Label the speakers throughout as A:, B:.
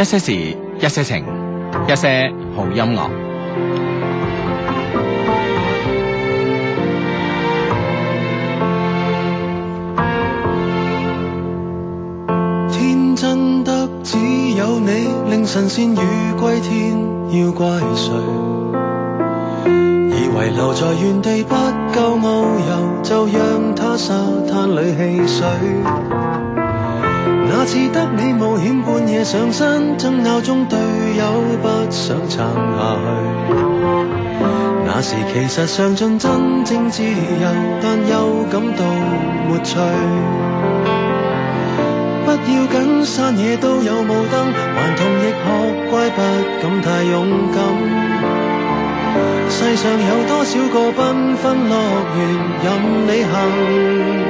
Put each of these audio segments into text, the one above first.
A: 一些事，一些情，一些好音樂。
B: 天真得只有你，令神仙魚歸天，要怪誰？以為留在原地不夠遨遊，就讓它沙灘裏戲水。下次得你冒險半夜上山，爭拗中隊友不想撐下去。那時其實嚐盡真正自由，但又感到沒趣。不要緊，山野都有霧燈，頑童亦學乖，不敢太勇敢。世上有多少個繽紛樂園，任你行。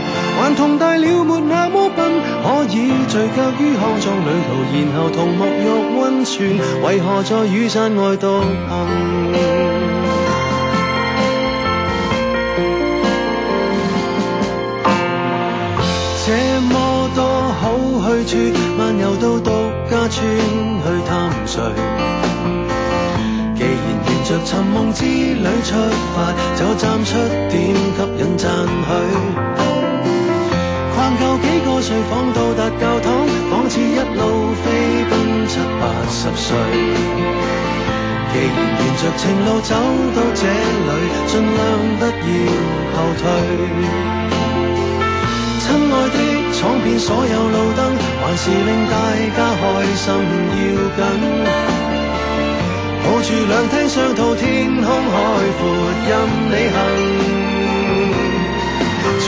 B: 頑童大了沒那麼笨，可以聚腳於康莊旅途，然後同沐浴温泉，為何在雨傘外獨行？ 這麼多好去處，漫遊到獨家村去探誰？既然沿着尋夢之旅出發，就站出點吸引讚許。但靠幾個睡房到達教堂，仿似一路飛奔七八十歲。既然沿着情路走到這裏，儘量不要後退。親愛的，闖遍所有路燈，還是令大家開心要緊。抱住兩廳雙套，天空海闊，任你行。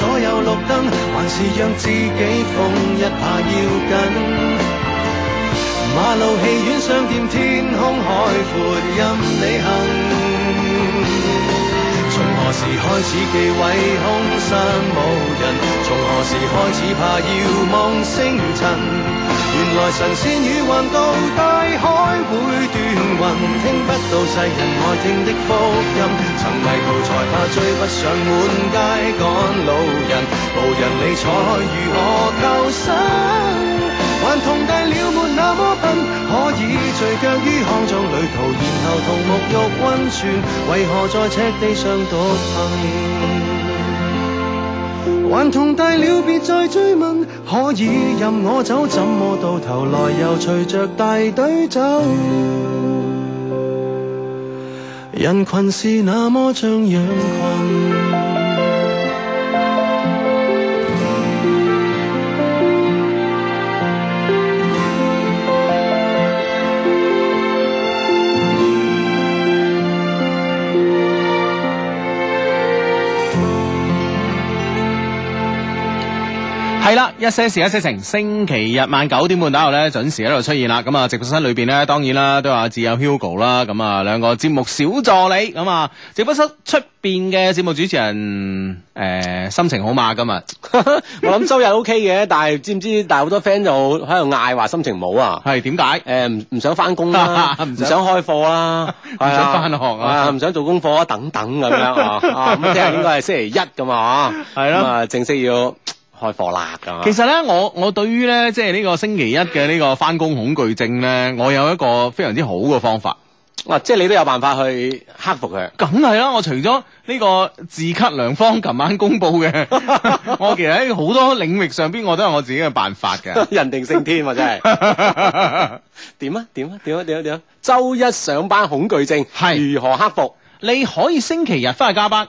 B: 所有綠燈，還是讓自己瘋一下要緊。馬路戲院商店，天空海闊，任你行。何時開始忌諱空山無人？從何時開始怕遙望星辰？原來神仙魚橫渡大海會斷魂，聽不到世人愛聽的福音。曾迷途才怕追不上滿街趕路人，無人理睬如何求生？頑童大了沒那麼笨，可以聚腳於康莊旅途，然後同沐浴温泉。為何在赤地上獨行？頑童大了別再追問，可以任我走，怎麼到頭來又隨着大隊走？人群是那麼像羊群。
A: 係啦， 一些事，一些情。星期日晚九點半呢，打我咧準時喺度出現啦。咁啊，直播室裏邊咧，當然啦，都話只有 Hugo 啦。咁啊，兩個節目小助理咁啊，直播室出邊嘅節目主持人誒、欸，心情好嘛？今 日 我諗周日 O K 嘅，但係知唔知？但係好多 friend 就喺度嗌話心情唔好啊。係點解？誒，唔唔、欸、想翻工啦，唔 想，想開課啦、啊，唔 想翻學啊，唔想做功課、啊、等等咁樣 啊。咁即係應該係星期一咁啊，係咯， 啊， 正式要。開貨啦咁啊！其實咧，我我對於咧，即係呢個星期一嘅呢個翻工恐懼症咧，我有一個非常之好嘅方法。嗱、啊，即係你都有辦法去克服佢。梗係啦，我除咗呢個治咳良方，琴晚公布嘅， 我其實喺好多領域上邊，我都係我自己嘅辦法嘅。 人定勝天啊，真係。點啊？點 啊？點啊？點啊？點啊，啊，啊？周一上班恐懼症係是如何克服？你可以星期日翻去加班。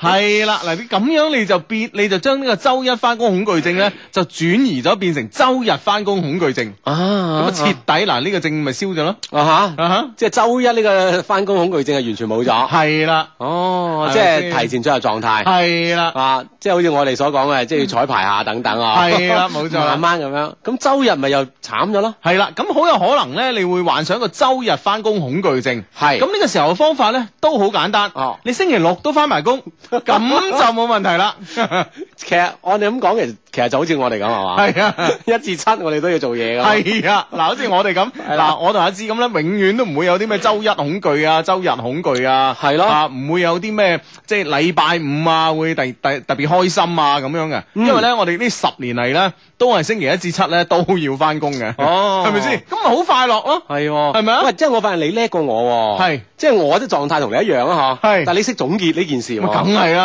A: 係啦，嗱你咁樣你就變，你就將呢個周一翻工恐懼症咧，就轉移咗變成周日翻工恐懼症啊！咁徹底，嗱呢個症咪消咗咯，啊，吓，即係周一呢個翻工恐懼症係完全冇咗，係啦，
C: 哦，即係提
A: 前進入狀態，係啦啊，即係好似我哋所講嘅，即係要彩排下等等啊，係啦，冇錯，慢慢咁樣，咁周日咪又慘咗咯，係啦，咁好有可能咧，你會幻想個周日翻工恐懼症，係，咁呢個時候嘅方法咧都好簡單，哦，你星期六都翻埋。工咁就冇問題啦。 其實，我哋咁講，其實。其實就好似我哋咁係嘛？係啊，一至七我哋都要做嘢噶。係啊，嗱，好似我哋咁，嗱，我同阿志咁咧，永遠都唔會有啲咩周一恐懼啊，周日恐懼啊。係咯，啊，唔會有啲咩即係禮拜五啊，會特特特別開心啊咁樣嘅。因為咧，我哋呢十年嚟咧，都係星期一至七咧都要翻工嘅。哦，係咪先？咁咪好快樂咯。係，係咪啊？喂，即係我發現你叻過我。係，即係我啲狀態同你一樣啊，嚇。係。但係你識總結呢件事喎。梗係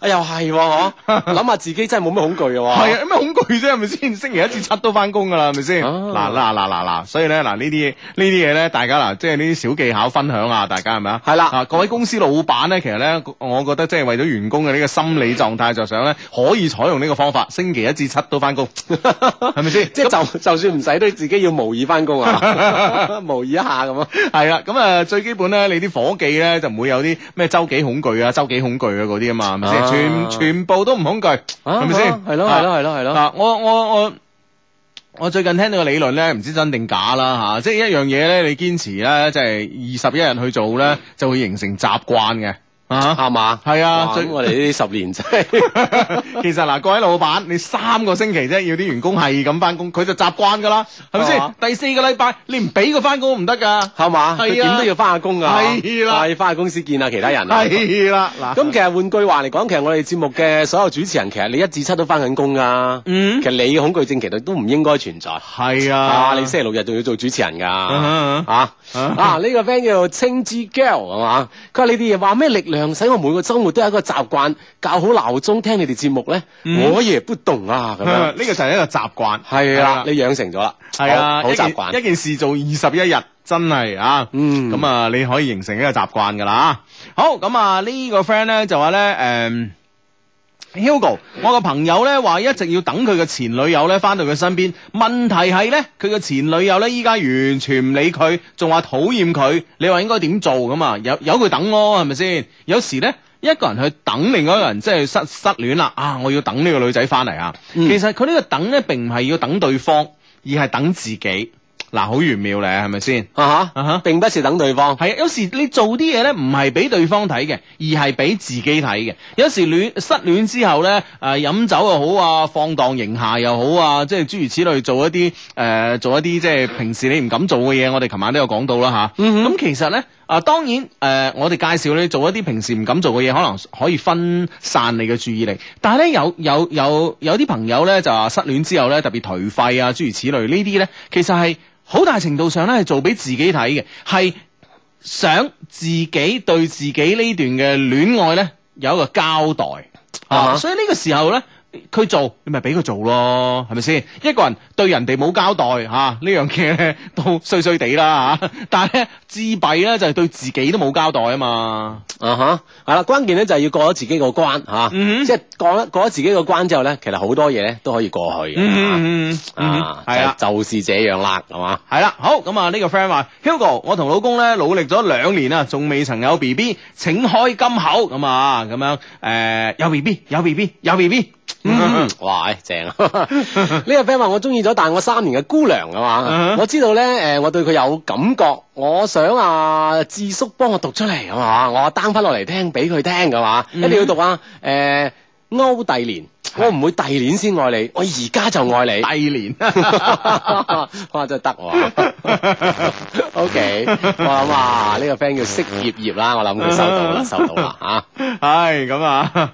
A: 哎又係，嗬？諗下自己真係冇咩恐懼。係啊，咁咩恐懼啫？係咪先？星期一至七都翻工噶啦，係咪先？嗱嗱嗱嗱嗱，所以咧嗱呢啲呢啲嘢咧，大家嗱即係呢啲小技巧分享下大家係咪的啊？係啦，各位公司老闆咧，其實咧，我覺得即係為咗員工嘅呢個心理狀態着想咧，可以採用呢個方法，星期一至七都翻工，係咪先？即係就樣就算唔使都自己要模擬翻工啊， 模擬一下咁、嗯、啊，係啦，咁啊最基本咧，你啲夥計咧就唔會有啲咩周幾恐懼啊，周幾恐懼啊嗰啲啊嘛，係咪先？全全部都唔恐懼，係咪先？是係咯，係咯，係咯，係咯嗱，我我我我最近聽到個理論咧，唔知是真定假啦吓、啊，即係一樣嘢咧，你堅持咧，即係二十一日去做咧，嗯、就會形成習慣嘅。啊，係嘛，係啊，追我哋呢啲十年仔。其實嗱，各位老闆，你三個星期啫，要啲員工係咁翻工，佢就習慣噶啦，係咪先？第四個禮拜你唔俾佢翻工唔得噶，係嘛？係啊，佢點都要翻下工噶，係啦，要翻下公司見下其他人啦，係啦。嗱，咁其實換句話嚟講，其實我哋節目嘅所有主持人，其實你一至七都翻緊工噶。嗯，其實你嘅恐懼症其實都唔應該存在。係啊，你星期六日仲要做主持人噶，吓，啊呢個 friend 叫做青之 Gale 係嘛，佢話你哋話咩力量？讓使我每個周末都有一個習慣，校好鬧鐘聽你哋節目咧，嗯、我也不動啊咁樣。呢個就係一個習慣，係啊的，的你養成咗啦，係啊的，好習慣一,一件事做二十一日，真係啊，嗯，咁啊，你可以形成一個習慣噶啦，好，咁啊、這個、呢個 friend 咧就話咧，誒、嗯。Hugo，我個朋友呢話一直要等佢嘅前女友呢翻到佢身邊，問題係呢，佢嘅前女友呢依家完全唔理佢，仲話討厭佢，你話應該點做咁啊？有有佢等咯、哦，係咪先？有時呢，一個人去等另外一個人，即係失失戀啦啊！我要等呢個女仔翻嚟啊！嗯、其實佢呢個等呢，並唔係要等對方，而係等自己。嗱，好玄妙咧，係咪先？啊哈，啊哈，並不是等對方，係啊，有時你做啲嘢咧，唔係俾對方睇嘅，而係俾自己睇嘅。有時戀失戀之後咧，誒、呃、飲酒又好啊，放蕩形骸又好啊，即係諸如此類做一、呃，做一啲誒，做一啲即係平時你唔敢做嘅嘢。我哋琴晚都有講到啦，吓、啊。嗯哼。咁其實咧。啊，當然，誒、呃，我哋介紹咧做一啲平時唔敢做嘅嘢，可能可以分散你嘅注意力。但係咧，有有有有啲朋友咧就話失戀之後咧特別頹廢啊，諸如此類呢。呢啲咧其實係好大程度上咧係做俾自己睇嘅，係想自己對自己呢段嘅戀愛咧有一個交代。啊，啊，所以呢個時候咧。佢做你咪俾佢做咯，係咪先？一個人對人哋冇交代吓，啊、樣呢樣嘢咧都衰衰哋啦吓。但係咧自閉咧就係、是、對自己都冇交代啊嘛。啊哈係啦，huh, 關鍵咧就係、是、要過咗自己個關吓，啊 mm hmm. 即係過過咗自己個關之後咧，其實好多嘢咧都可以過去嘅。嗯係啦，就是這樣啦，係嘛？係啦，好咁啊，呢個 friend 話 Hugo，我同老公咧努力咗兩年啦，仲未曾有 B B，請開金口咁啊，咁樣誒、呃，有 B B，有 B B，有 B B。嗯，哇，正啊！呢、這個 friend 話，我中意咗大我三年嘅姑娘啊嘛，我知道咧，誒，我對佢有感覺，我想啊，智叔幫我讀出嚟，啊嘛。我 down 翻落嚟聽俾佢聽，噶嘛，一定要讀啊，誒、呃，歐帝年，我唔會第二年先愛你，我而家就愛你，第二年，哇，真係得、啊、 ，OK，我諗啊，呢、這個 friend 叫色葉葉啦，我諗佢收到啦，收到啦，吓，係咁啊。 哎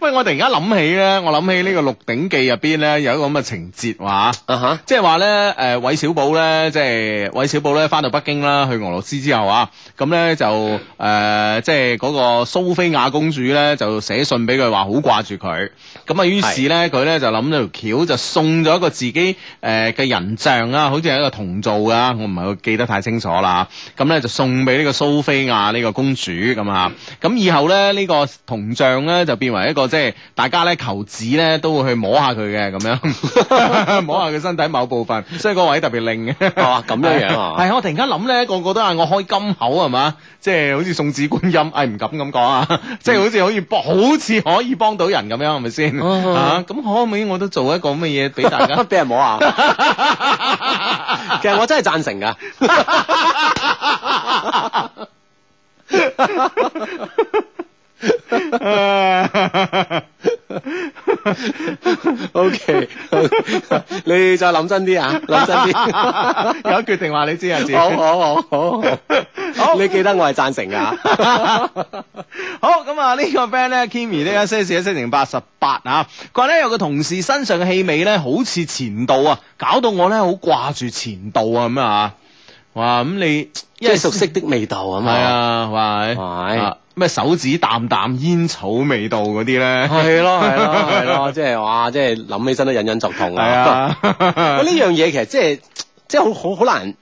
A: 喂，我突然間諗起咧，我諗起個呢個《鹿鼎記》入邊咧有一個咁嘅情節話，啊吓、uh，即係話咧，誒、呃、韋小寶咧，即係韋小寶咧，返到北京啦，去俄羅斯之後啊，咁、嗯、咧就誒，即係嗰個蘇菲亞公主咧，就寫信俾佢話好掛住佢，咁啊，於是咧佢咧就諗到條橋，就送咗一個自己誒嘅、呃、人像啊，好似係一個銅造噶，我唔係記得太清楚啦，咁、嗯、咧就送俾呢個蘇菲亞呢個公主咁啊，咁、嗯、以後咧呢、這個銅像咧就變為。一個即係大家咧求子咧都會去摸下佢嘅咁樣 摸下佢身體某部分，所以嗰位特別靈嘅，係嘛咁樣樣。係啊、哎，我突然間諗咧，個個都嗌，我開金口係嘛，即係好似送子觀音，哎唔敢咁講啊，即係好似可以幫，好似可以幫到人咁樣，係咪先？可唔可以我都做一個乜嘢俾大家，俾 人摸下？ 其實我真係贊成噶。 o Okay . k 你再諗真啲啊，諗真啲， 有決定話你知啊，自己。好好好，好，好好 你記得我係贊成㗎。 好，咁啊呢個 friend 咧，Kimi 咧，先試一先零八十八啊。佢咧有個同事身上嘅氣味咧，好似前度啊，搞到我咧好掛住前度啊咁啊。哇，咁你即係熟悉的味道啊嘛。係 啊，喂。喂？咩手指淡淡煙草味道嗰啲咧？係咯係咯係咯，即係話，即係諗起身都隱隱作痛。係是的 啊，呢樣嘢其實即係即係好好好難，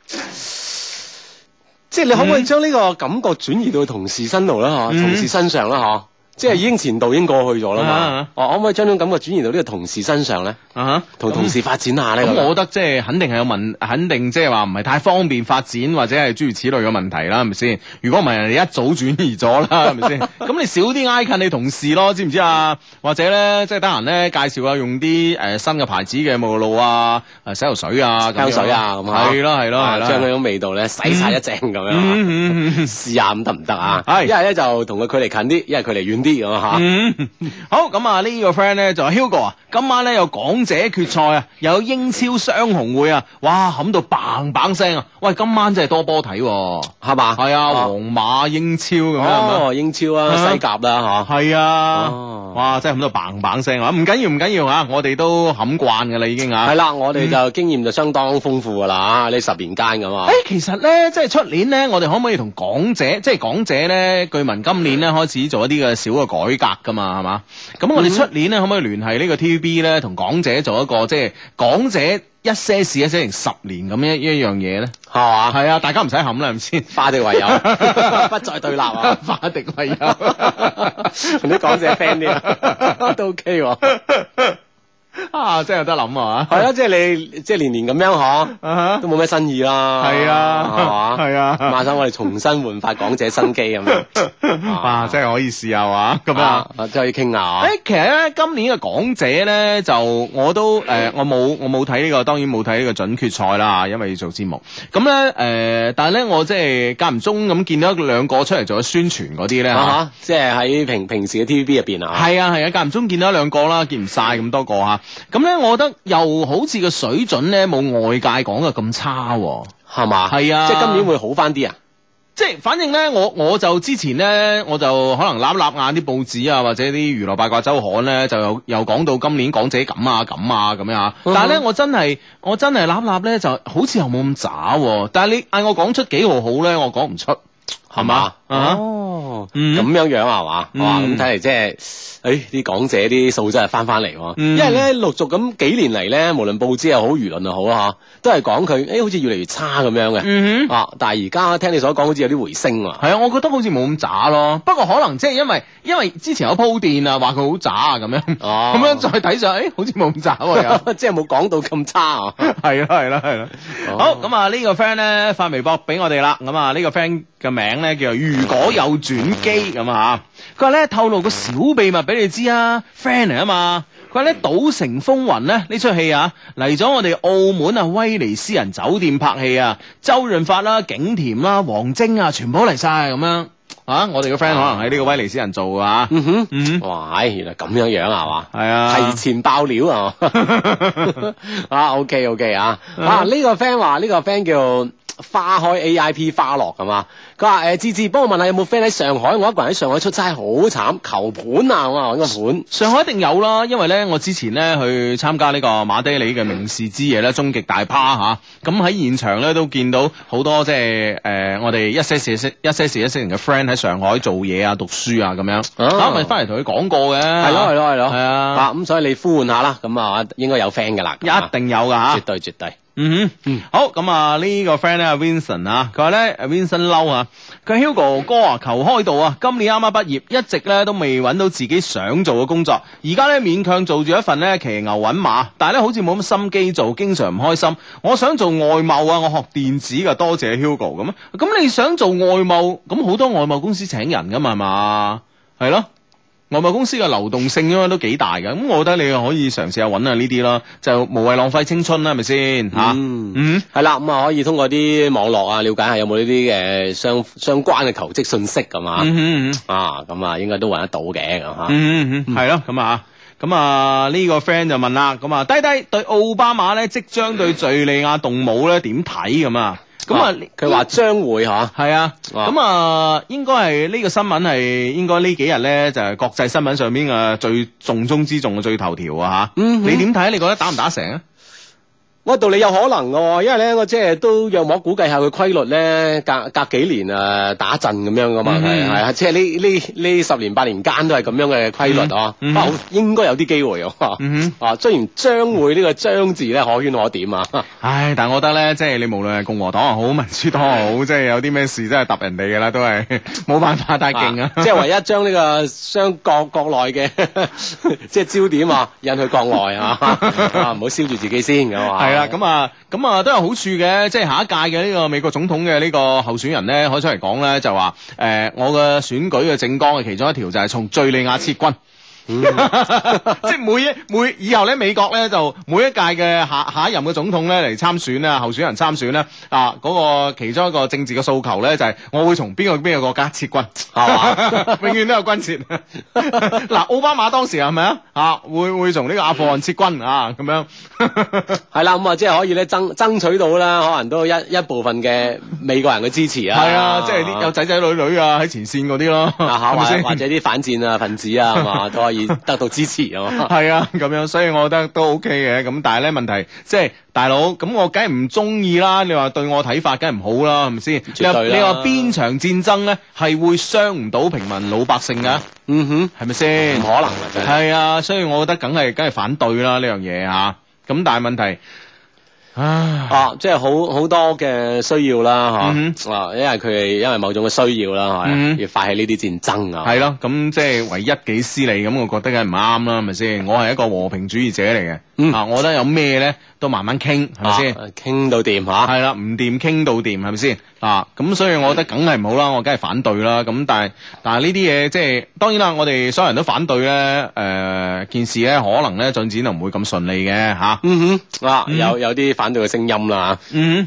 A: 即係你可唔可以、嗯、將呢個感覺轉移到同事身度咧？嗬、嗯，同事身上啦，嗬。即係已經前度已經過去咗啦嘛，哦可唔可以將呢種感覺轉移到呢個同事身上咧？啊，同同事發展下咧？咁我覺得即係肯定係有問，肯定即係話唔係太方便發展或者係諸如此類嘅問題啦，係咪先？如果唔係人哋一早轉移咗啦，係咪先？咁你少啲挨近你同事咯，知唔知啊？或者咧，即係得閒咧介紹下用啲誒新嘅牌子嘅沐浴露啊、洗頭水啊、香水啊，係咯係咯係咯，將佢種味道咧洗晒一淨咁樣，試下咁得唔得啊？係一係咧就同佢距離近啲，一係距離遠啲。啲 好咁啊呢個 friend 咧就 Hugo 啊，ugo, 今晚咧有港姐決賽啊，又有英超雙紅會啊，哇冚到棒棒聲啊！喂，今晚真係多波睇喎，係嘛吧？係啊，啊皇馬英超咁樣啊、哦，英超 啊，西甲啦嚇，係啊，啊哇，真係冚到棒棒聲啊！唔緊要唔緊要啊，我哋都冚慣嘅啦，已經啊，係啦，我哋就經驗就相當好豐富嘅啦嚇，呢十年間咁啊，誒， 其實咧即係出年咧，我哋可唔可以同港姐即係港姐咧？據聞今年咧開始做一啲嘅小。個改革噶嘛，係嘛？咁我哋出年咧，可唔可以聯繫呢個 TVB 咧，同港姐做一個即係港姐一些事，一些情，十年咁樣呢一樣嘢，咧？係嘛吧？係啊，大家唔使冚啦，係咪先？化敵為友，不再對立啊！化敵為友，同啲港姐 friend 啲 都 OK，啊。啊，真係有得諗啊！係 啊，即係你即係年年咁樣嗬，都冇咩新意啦。係啊，係嘛，係啊，馬生，我哋重新煥發港姐生機咁樣，啊，真係、啊、可以試下嘛！咁啊，啊，啊，即係要傾下。誒、啊欸，其實咧，今年嘅港姐咧，就我都誒、欸，我冇我冇睇呢個，當然冇睇呢個準決賽啦，因為要做節目。咁咧誒，但係咧我即係間唔中咁見到一兩個出嚟做咗宣傳嗰啲咧，吓、啊啊，即係喺平平時嘅 TVB 入邊啊。係啊係啊，間唔、啊、中見到一兩個啦，見唔晒咁多個吓。啊咁咧，我覺得又好似個水準咧，冇外界講嘅咁差，係嘛？係啊，吧啊即係今年會好翻啲啊！即係反正咧，我我就之前咧，我就可能揦揦眼啲報紙啊，或者啲娛樂八卦周刊咧，就又又講到今年港姐咁啊咁啊咁樣啊。但係咧， 我真係我真係揦揦咧，就好似又冇咁渣。但係你嗌我講出幾號好咧，我講唔出。係嘛？哦，咁樣樣係嘛？哇、嗯！咁睇嚟即係，誒、就是，啲港姐啲素質係翻翻嚟，嗯、因為咧陸續咁幾年嚟咧，無論報紙又好，輿論又好啊，都係講佢，誒、欸，好似越嚟越差咁樣嘅。嗯、哼啊！但係而家聽你所講，好似有啲回升。係啊，我覺得好似冇咁渣咯。不過可能即係因為因為之前有鋪墊啊，話佢、欸、好渣啊，咁樣。 哦。 咁樣再睇上，誒， oh. 好似冇咁渣，又即係冇講到咁差。係啦，係啦，係啦。好咁啊！呢個 friend 咧發微博俾我哋啦。咁啊，呢個 friend 嘅名。咧叫如果有轉機咁啊，佢話咧透露個小秘密俾你知啊，friend 嚟啊嘛，佢話咧賭城風雲咧呢出戲啊嚟咗我哋澳門啊威尼斯人酒店拍戲啊，周潤發啦、景甜啦、王晶啊，全部都嚟晒咁樣啊，我哋嘅 friend 可能喺呢個威尼斯人做噶嗯哼哇唉，原來咁樣樣係嘛，係啊，提前爆料啊，啊，ok ok 啊，啊呢個 friend 話呢個 friend 叫。花開 A I P 花落係嘛？佢話誒志志，幫、欸、我問下有冇 friend 喺上海？我一個人喺上海出差好慘，求盤啊！我啊，揾個盤，上海一定有啦。因為咧，我之前咧去參加呢個馬爹利嘅名士之夜咧，嗯、終極大趴嚇。咁、啊、喺現場咧都見到好多即係誒、呃、我哋一些事一些一一些年嘅 friend 喺上海做嘢啊、讀書啊咁樣。嗯、我咪翻嚟同佢講過嘅。係咯係咯係咯。係啊。咁所以你呼喚下啦，咁啊應該有 friend 嘅啦。一定有㗎嚇。絕對絕對。絕對。嗯哼，好咁啊呢個 friend 咧阿 Vinson 啊，佢話咧阿 Vinson 嬲啊，佢 Hugo 哥啊求求開導啊，今年啱啱畢業，一直咧都未揾到自己想做嘅工作，而家咧勉強做住一份咧騎牛搵馬，但係咧好似冇乜心機做，經常唔開心。我想做外貿啊，我學電子噶，多謝，謝 Hugo 咁。咁、啊嗯啊、你想做外貿，咁好多外貿公司請人噶嘛，係嘛，係咯。外貿公司嘅流動性應該都幾大嘅，咁我覺得你可以嘗試下搵下呢啲咯，就無謂浪費青春啦，係咪先吓？嗯，係啦，咁啊可以通過啲網絡啊，了解下有冇呢啲誒相相關嘅求職信息咁啊，啊，咁、嗯嗯、啊，啊應該都搵得到嘅咁吓，係咯，咁啊，咁、嗯嗯嗯、啊呢、啊這個 friend 就問啦，咁啊低低對奧巴馬咧即將對敘利亞動武咧點睇咁啊？咁啊，佢話將會吓係、嗯、啊，咁啊，啊，啊，應該係呢個新聞，係應該呢幾日咧就係、是、國際新聞上邊啊最重中之重嘅最頭條啊吓，嗯哼，你點睇？你覺得打唔打成啊？我覺得道理有可能嘅，因為咧我即係都有我估計下佢規律咧，隔隔幾年啊、呃、打陣咁樣噶嘛，係係即係呢呢呢十年八年間都係咁樣嘅規律啊。Mm hmm. 應該有啲機會啊、
C: mm
A: hmm. 雖然將會呢個將字咧可圈可點啊，唉，但係我覺得咧即係你無論係共和黨又好，民主黨又好，即、就、係、是、有啲咩事真係揼人哋噶啦，都係冇辦法太勁啊，啊即係唯一將呢個將國、 啊、國內嘅即係焦點引去國外啊，唔好燒住自己先嘅、啊 咁啊，咁啊，都有好處嘅，即係下一屆嘅呢個美國總統嘅呢個候選人咧，開出嚟講咧，就話誒，我嘅選舉嘅政綱嘅其中一條就係從敘利亞撤軍。嗯嗯嗯嗯嗯嗯 即係每一每以後咧，美國咧就每一屆嘅下下一任嘅總統咧嚟參選啊，候選人參選咧啊，嗰、那個其中一個政治嘅訴求咧就係、是、我會從邊個邊個國家撤軍，係、啊、 永遠都有軍撤。嗱， 奧巴馬當時係咪啊？啊，會會從呢個阿富汗撤軍啊？咁樣係啦，咁 啊，即係可以咧爭爭取到啦，可能都有一一部分嘅美國人嘅支持啊。係啊，即係啲有仔仔女女啊喺前綫嗰啲咯，啊，或者吧或者啲反戰啊分子啊，係嘛，都可以。得到支持 啊，係啊，咁樣，所以我覺得都 OK 嘅。咁但係咧，問題即係、就是、大佬，咁我梗係唔中意啦。你話對我睇法，梗係唔好啦，係咪先？絕對啦。你話邊場戰爭咧，係會傷唔到平民老百姓噶？嗯哼，係咪先？可能嘅，係 啊，所以我覺得梗係梗係反對啦呢樣嘢吓。咁、啊、但係問題。啊！哦，即係好好多嘅需要啦，嚇、嗯哼！哦、啊，因為佢哋因為某種嘅需要啦，係、嗯、哼要發起呢啲戰爭啊！係咯、嗯哼，咁即係為一己私利，咁我覺得梗係唔啱啦，係咪先？我係一個和平主義者嚟嘅，嗯、啊，我覺得有咩咧？都慢慢傾，係咪先？傾到掂吓，係啦，唔掂傾到掂，係咪先？啊，咁所以我覺得梗係唔好啦，我梗係反對啦。咁但係，但係呢啲嘢即係當然啦。我哋所有人都反對咧。誒，件事咧可能咧進展就唔會咁順利嘅吓。嗯哼，啊，有有啲反對嘅聲音啦。嗯，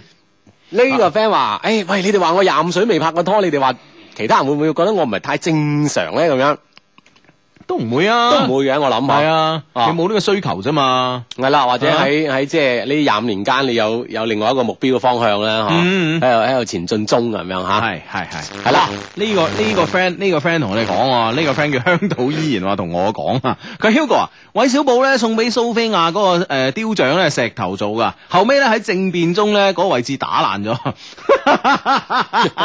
A: 呢個 friend 話：誒，喂，你哋話我廿五歲都未拍過拖，你哋話其他人會唔會覺得我唔係太正常咧？咁樣。都唔會啊，都唔會嘅。啊，我諗下啊，啊你冇呢個需求啫嘛，係啦。啊，或者喺喺即係呢廿五年間，你有有另外一個目標嘅方向咧，喺度，嗯嗯，喺度、啊、前進中咁樣吓，係係係係啦，呢個呢，這個 friend 呢個 friend 同我哋講，呢，這個 friend 叫香島依然話同我講，佢 Hugo 啊，韋、啊、小寶咧送俾蘇菲亞嗰，那個誒、呃、雕像咧，石頭做噶，後尾咧喺政變中咧嗰，那個位置打爛咗，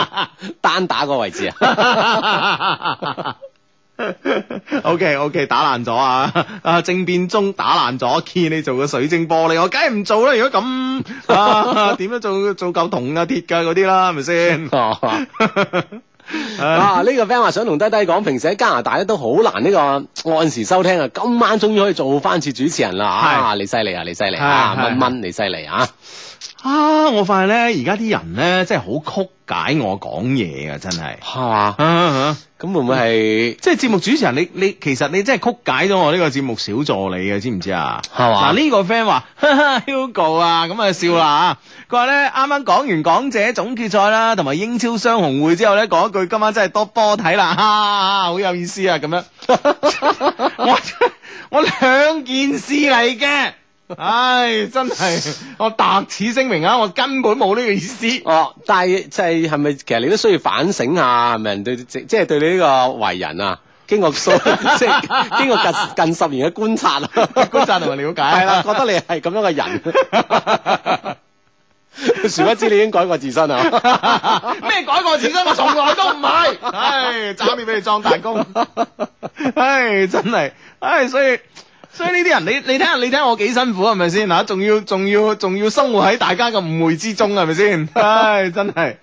A: 單打個位置啊。 O K O K，打爛咗啊！啊 政變中打爛咗，見你做個水晶玻璃，我梗係唔做啦。如果咁啊，點樣做做夠銅啊鐵噶嗰啲啦，係咪先？啊，呢個 friend 話想同低低講，平時喺加拿大咧都好難呢個按時收聽啊。今晚終於可以做翻次主持人啦！ 啊，你犀利啊，你犀利啊，蚊蚊你犀利啊！ 啊 啊！我發現咧，而家啲人咧真係好曲解我講嘢 啊。真係係嘛？咁、啊、會唔會係 即係節目主持人？你你其實你真係曲解咗我呢個節目小助理嘅 啊，知唔知啊？係嘛？嗱呢個 friend 話，Hugo 啊，咁啊笑啦啊！佢話咧，啱啱講完港姐總決賽啦，同埋英超雙紅會之後咧，講一句今晚真係多波睇啦，好有意思啊！咁樣 我我兩件事嚟嘅。唉、哎，真係，我特此聲明啊！我根本冇呢個意思。哦，但係即係係咪？是是其實你都需要反省下，係咪人對即係對你呢個為人啊？經過數 即係經過近近十年嘅觀察啊， 觀察同埋了解，係啦，覺得你係咁樣嘅人， 殊不知你已經改過自身啊！咩 改過自身？我從來都唔係。唉、哎，爭啲俾你裝彈弓。唉、哎，真係唉、哎，所以。所以所以呢啲人，你你睇下，你睇下我幾辛苦係咪先嗱？仲要仲要仲要生活喺大家嘅誤會之中，係咪先？唉、 哎，真係，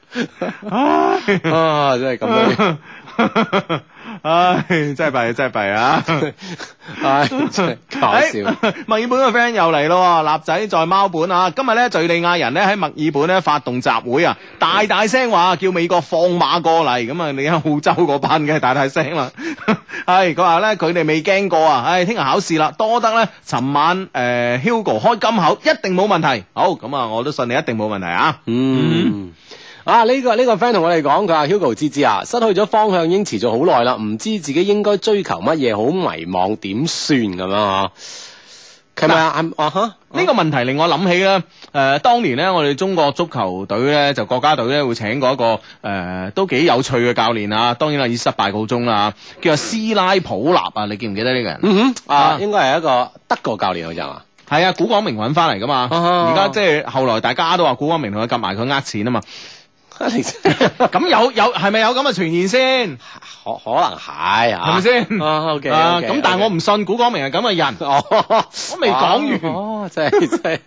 A: 啊，真係咁樣。 唉，真係弊，真係弊啊！係 唉搞笑。墨爾、哎、本嘅 friend 又嚟咯，立仔在貓本啊！今日咧，敘利亞人咧喺墨爾本咧發動集會啊，大大聲話、啊、叫美國放馬過嚟，咁啊你喺澳洲嗰班梗係大大聲啦。係、 哎，佢話咧佢哋未驚過啊！唉、哎，聽日考試啦，多得咧，尋晚誒、呃、Hugo 開金口，一定冇問題。好，咁啊，我都信你一定冇問題啊。嗯。嗯。啊！呢、這個呢、這個 friend 同我哋講，佢話 Hugo 芝芝啊，失去咗方向已經持續好耐啦，唔知自己應該追求乜嘢，好迷茫，點算咁樣嗬？係咪啊？哦呵！呢個問題令我諗起啦。誒、呃，當年咧，我哋中國足球隊咧就國家隊咧會請過一個誒、呃，都幾有趣嘅教練啊。當然啦，以失敗告終啦、啊。叫做施拉普納啊，你記唔記得呢個人？嗯哼，啊，啊應該係一個德國教練嘅人啊，係、嗯、哼啊，古廣明搵翻嚟噶嘛？而家即係後來大家都話古廣明同佢夾埋佢呃錢啊嘛。咁 有有係咪有咁嘅傳言先？
B: 可可能係、啊，
A: 係咪先？o k 咁但係我唔信 okay. 古廣明係咁嘅人。Oh, 我未講完。哦、oh, oh,，真係真係，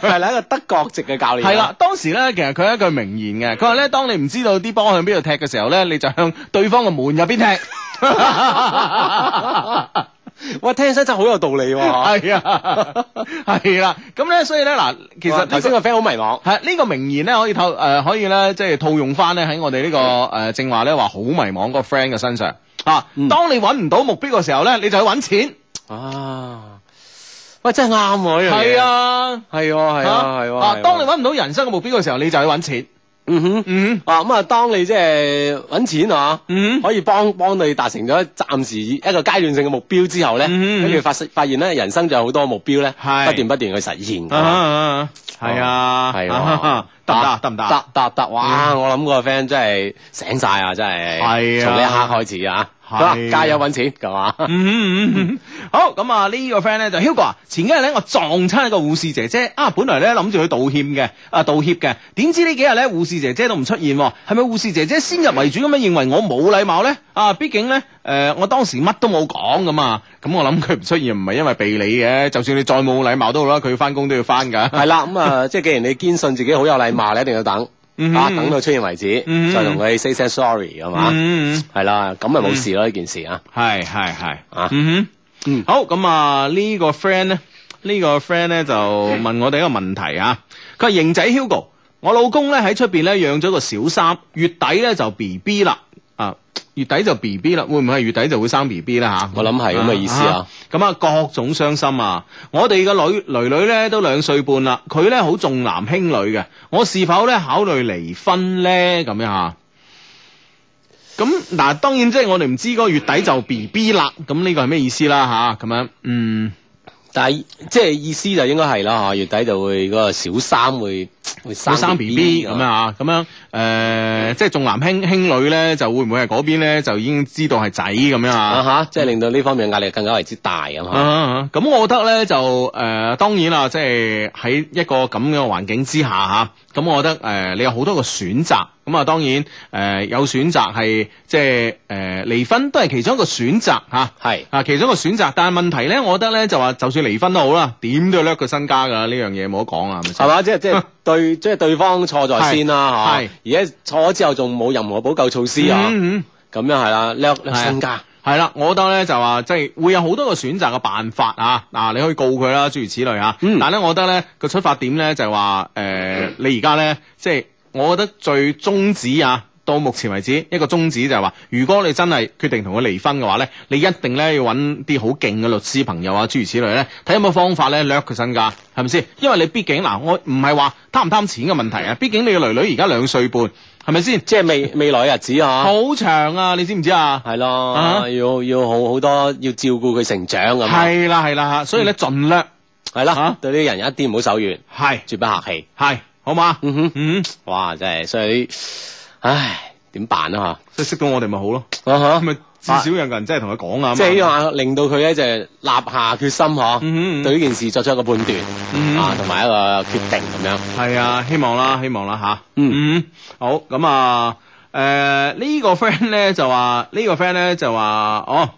A: 係 啦， 一個德國籍嘅教練。係啦， 當時咧，其實佢係一句名言嘅，佢話咧，當你唔知道啲波向邊度踢嘅時候咧，你就向對方嘅門入邊踢。 哇聽起身真係好有道理喎，係啊，係啦， 咁咧，所以咧嗱，其實頭先個 friend 好迷茫，係呢個名言咧可以套誒、呃，可以咧即係套用翻咧喺我哋呢、這個誒、嗯呃、正話咧話好迷茫個 friend 嘅身上啊。當你揾唔到目標嘅時候咧，你就去揾錢啊。喂，真係啱喎呢樣嘢，係啊，係啊，係啊。當你揾唔到人生嘅目標嘅時候，你就去揾錢。嗯哼，嗯哼，啊咁啊，嗯，當你即係搵錢啊，嗯，可以幫幫你達成咗暫時一個階段性嘅目標之後咧，嗯哼，跟住發發現咧，人生就有好多目標咧，係是不斷不斷去實現噶嘛，係啊，啊，係。得唔得得唔得？得得得，嗯、哇！我諗個 friend 真係醒晒啊，真係。係啊、哎呀，從呢一刻開始、哎、呀啊，加油搵錢，咁嘛？好咁啊，這個、呢個 friend 咧就 Hugo 啊，go，前幾日咧我撞親個護士姐姐啊，本來咧諗住去道歉嘅，啊道歉嘅，點知呢幾日咧護士姐姐都唔出現，係咪護士姐姐先入為主咁樣認為我冇禮貌咧？啊，畢竟咧誒、呃，我當時乜都冇講噶嘛，咁、啊嗯、我諗佢唔出現唔係因為避你嘅，就算你再冇禮貌都好啦，佢翻工都要翻噶。係啦， 咁、嗯、啊，即係 既然你堅信自己好有禮貌。嘛你一定要等，嗯、哼啊等到出現為止，嗯、哼再同佢 say say sorry 啊嘛，嗯哼，係啦咁咪冇事咯呢、嗯、哼件事啊，係係係啊，嗯哼，好咁啊呢、呢個 friend 咧，呢、呢個 friend 咧就問我哋一個問題啊，佢係型仔 Hugo，我老公咧喺出邊咧養咗個小三，月底咧就 B B 啦。啊，月底就 B B 啦，會唔會係月底就會生 B B 咧？吓、啊，我諗係咁嘅意思啊。咁啊，啊，啊，啊，各種傷心啊！我哋個女，女女女咧都兩歲半啦，佢咧好重男輕女嘅，我是否咧考慮離婚咧？咁樣下啊？咁、啊、嗱，當然即係、啊就是、我哋唔知嗰個月底就 B B 啦，咁呢個係咩意思啦？吓、啊，咁、啊、樣、啊，嗯，但係即係意思就應該係啦，吓、啊，月底就會嗰、那個小三會。會生 B B 咁樣啊，咁樣誒，即係重男輕輕女咧，就會唔會係嗰邊咧就已經知道係仔咁樣啊？吓、uh，huh, 嗯、即係令到呢方面嘅壓力更加為之大咁啊。咁我覺得咧就誒、呃，當然啦，即係喺一個咁嘅環境之下吓，咁、啊嗯、我覺得誒、呃，你有好多個選擇。咁啊，當然誒、呃，有選擇係即係誒離婚都係其中一個選擇吓，係啊是其中一個選擇。但係問題咧，我覺得咧就話就算離婚都好啦，點都要拎佢身家噶呢樣嘢冇得講啊，係咪係嘛，即係即係。 因為 對，即、就、係、是、對方錯在先啦，吓，而家錯咗之後仲冇任何補救措施啊，咁、嗯嗯、樣係啦，略略身家，係啦，我覺得咧就話即係會有好多個選擇嘅辦法啊，啊，你可以告佢啦、啊，諸如此類吓、啊，嗯、但係咧我覺得咧個出發點咧就話、是，誒、呃，嗯、你而家咧即係我覺得最終止啊。到目前為止，一個宗旨就係話，如果你真係決定同佢離婚嘅話咧，你一定咧要揾啲好勁嘅律師朋友啊，諸如此類咧，睇有冇方法咧掠佢身家，係咪先？因為你畢竟嗱，我唔係話貪唔貪錢嘅問題啊。畢竟你個女女而家兩歲半，係咪先？即係未未來日子啊，好 長啊，你知唔知啊？係咯啦、啊，要要好好多，要照顧佢成長係嘛？係啦係啦吓，所以咧盡量係、嗯、啦，啊、對呢啲人有一啲唔好手軟，係是絕不客氣，係好嘛、嗯？嗯哼嗯哼，哇真係所以。唉，點辦啊吓？即係識到我哋咪好咯，咁咪、啊、至少有個人真係同佢講啊嘛，即係令到佢咧就立下決心嗬，嗯，嗯，對呢件事作出一個判斷、嗯、啊，同埋一個決定咁樣。係啊，希望啦，希望啦吓。嗯、
C: 啊、嗯，
A: 好咁啊，誒、呃、呢、呢個 friend 咧就話呢、呢個 friend 咧就話哦，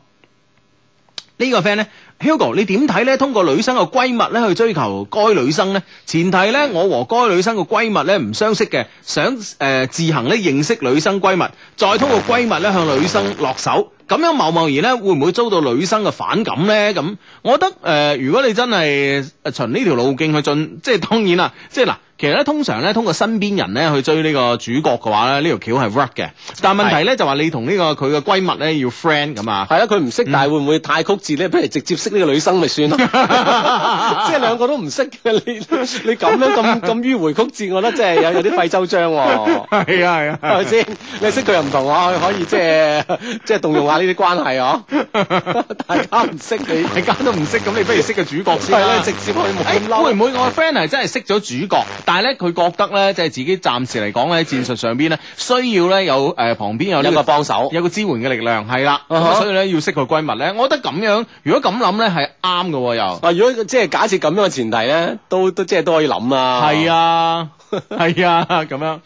A: 呢、呢個 friend 咧。Hugo，你點睇咧？通過女生嘅閨蜜咧去追求該女生呢？前提咧，我和該女生嘅閨蜜咧唔相識嘅，想誒、呃、自行咧認識女生閨蜜，再通過閨蜜咧向女生落手，咁樣貿貿然咧會唔會遭到女生嘅反感呢？咁，我覺得誒、呃，如果你真係、呃、循呢條路徑去進，即係當然啦，即係嗱。其實咧，通常咧，通過身邊人咧去追呢個主角嘅話咧，呢條橋係 work 嘅。但係問題咧、啊、就話你同呢、這個佢嘅閨蜜咧要 friend 咁啊。係啊，佢唔識，但係會唔會太曲折咧？不如直接識呢個女生咪算咯。 即係兩個都唔識嘅，你你咁樣咁咁迂回曲折，我覺得真係有有啲費周章。係啊係啊，係咪先？啊啊、 你識佢又唔同我、啊，可以即係即係動用下呢啲關係哦、啊。大家唔識，你大家都唔識，咁你不如識個主角先啦、 啊，直接去、哎、會唔會我嘅 friend 係真係識咗主角？但係咧，佢覺得咧，即係自己暫時嚟講咧，喺戰術上邊咧，需要咧有誒旁邊有呢、這個、個幫手，有個支援嘅力量，係啦。嗯、所以咧要識佢閨蜜咧，我覺得咁樣，如果咁諗咧，係啱㗎又。啊，如果即係假設咁樣嘅前提咧，都都即係都可以諗啊。係啊，係啊，咁樣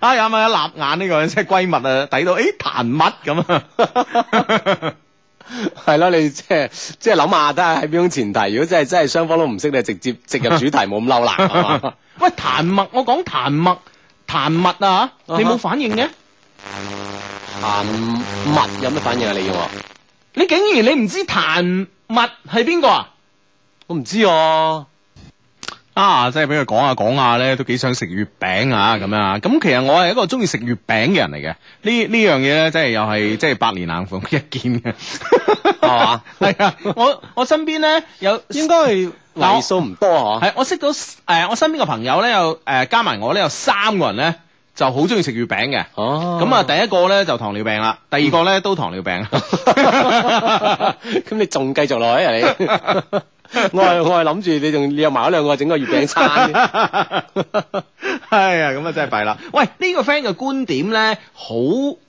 A: 啊，有冇一立眼呢、這個即係閨蜜啊，抵到誒、欸、彈乜咁。 係咯， 你即係即係諗下，睇下喺邊種前提。如果真係真係雙方都唔識，你直接直入主題，冇咁嬲啦。 喂，譚物，我講譚物，譚物啊，uh huh. 你冇反應嘅。譚物有乜反應啊？你要我？你竟然你唔知譚物係邊個啊？我唔知啊。啊，即係俾佢講下講下咧，都幾想食月餅啊咁樣啊！咁其實我係一個中意食月餅嘅人嚟嘅，呢呢樣嘢咧，真係又係即係百年難逢一見嘅，係嘛？係啊！我我身邊咧有應該為數唔多啊。係我識到誒，我身邊嘅朋友咧有誒加埋我咧有三個人咧就好中意食月餅嘅。哦，咁啊，第一個咧就糖尿病啦，第二個咧都糖尿病。咁你仲繼續落啊你？ 我係我係諗住，你仲你又買咗兩個整個月餅餐，係啊、 哎，咁啊真係弊啦！喂，呢、呢個 friend 嘅觀點咧，好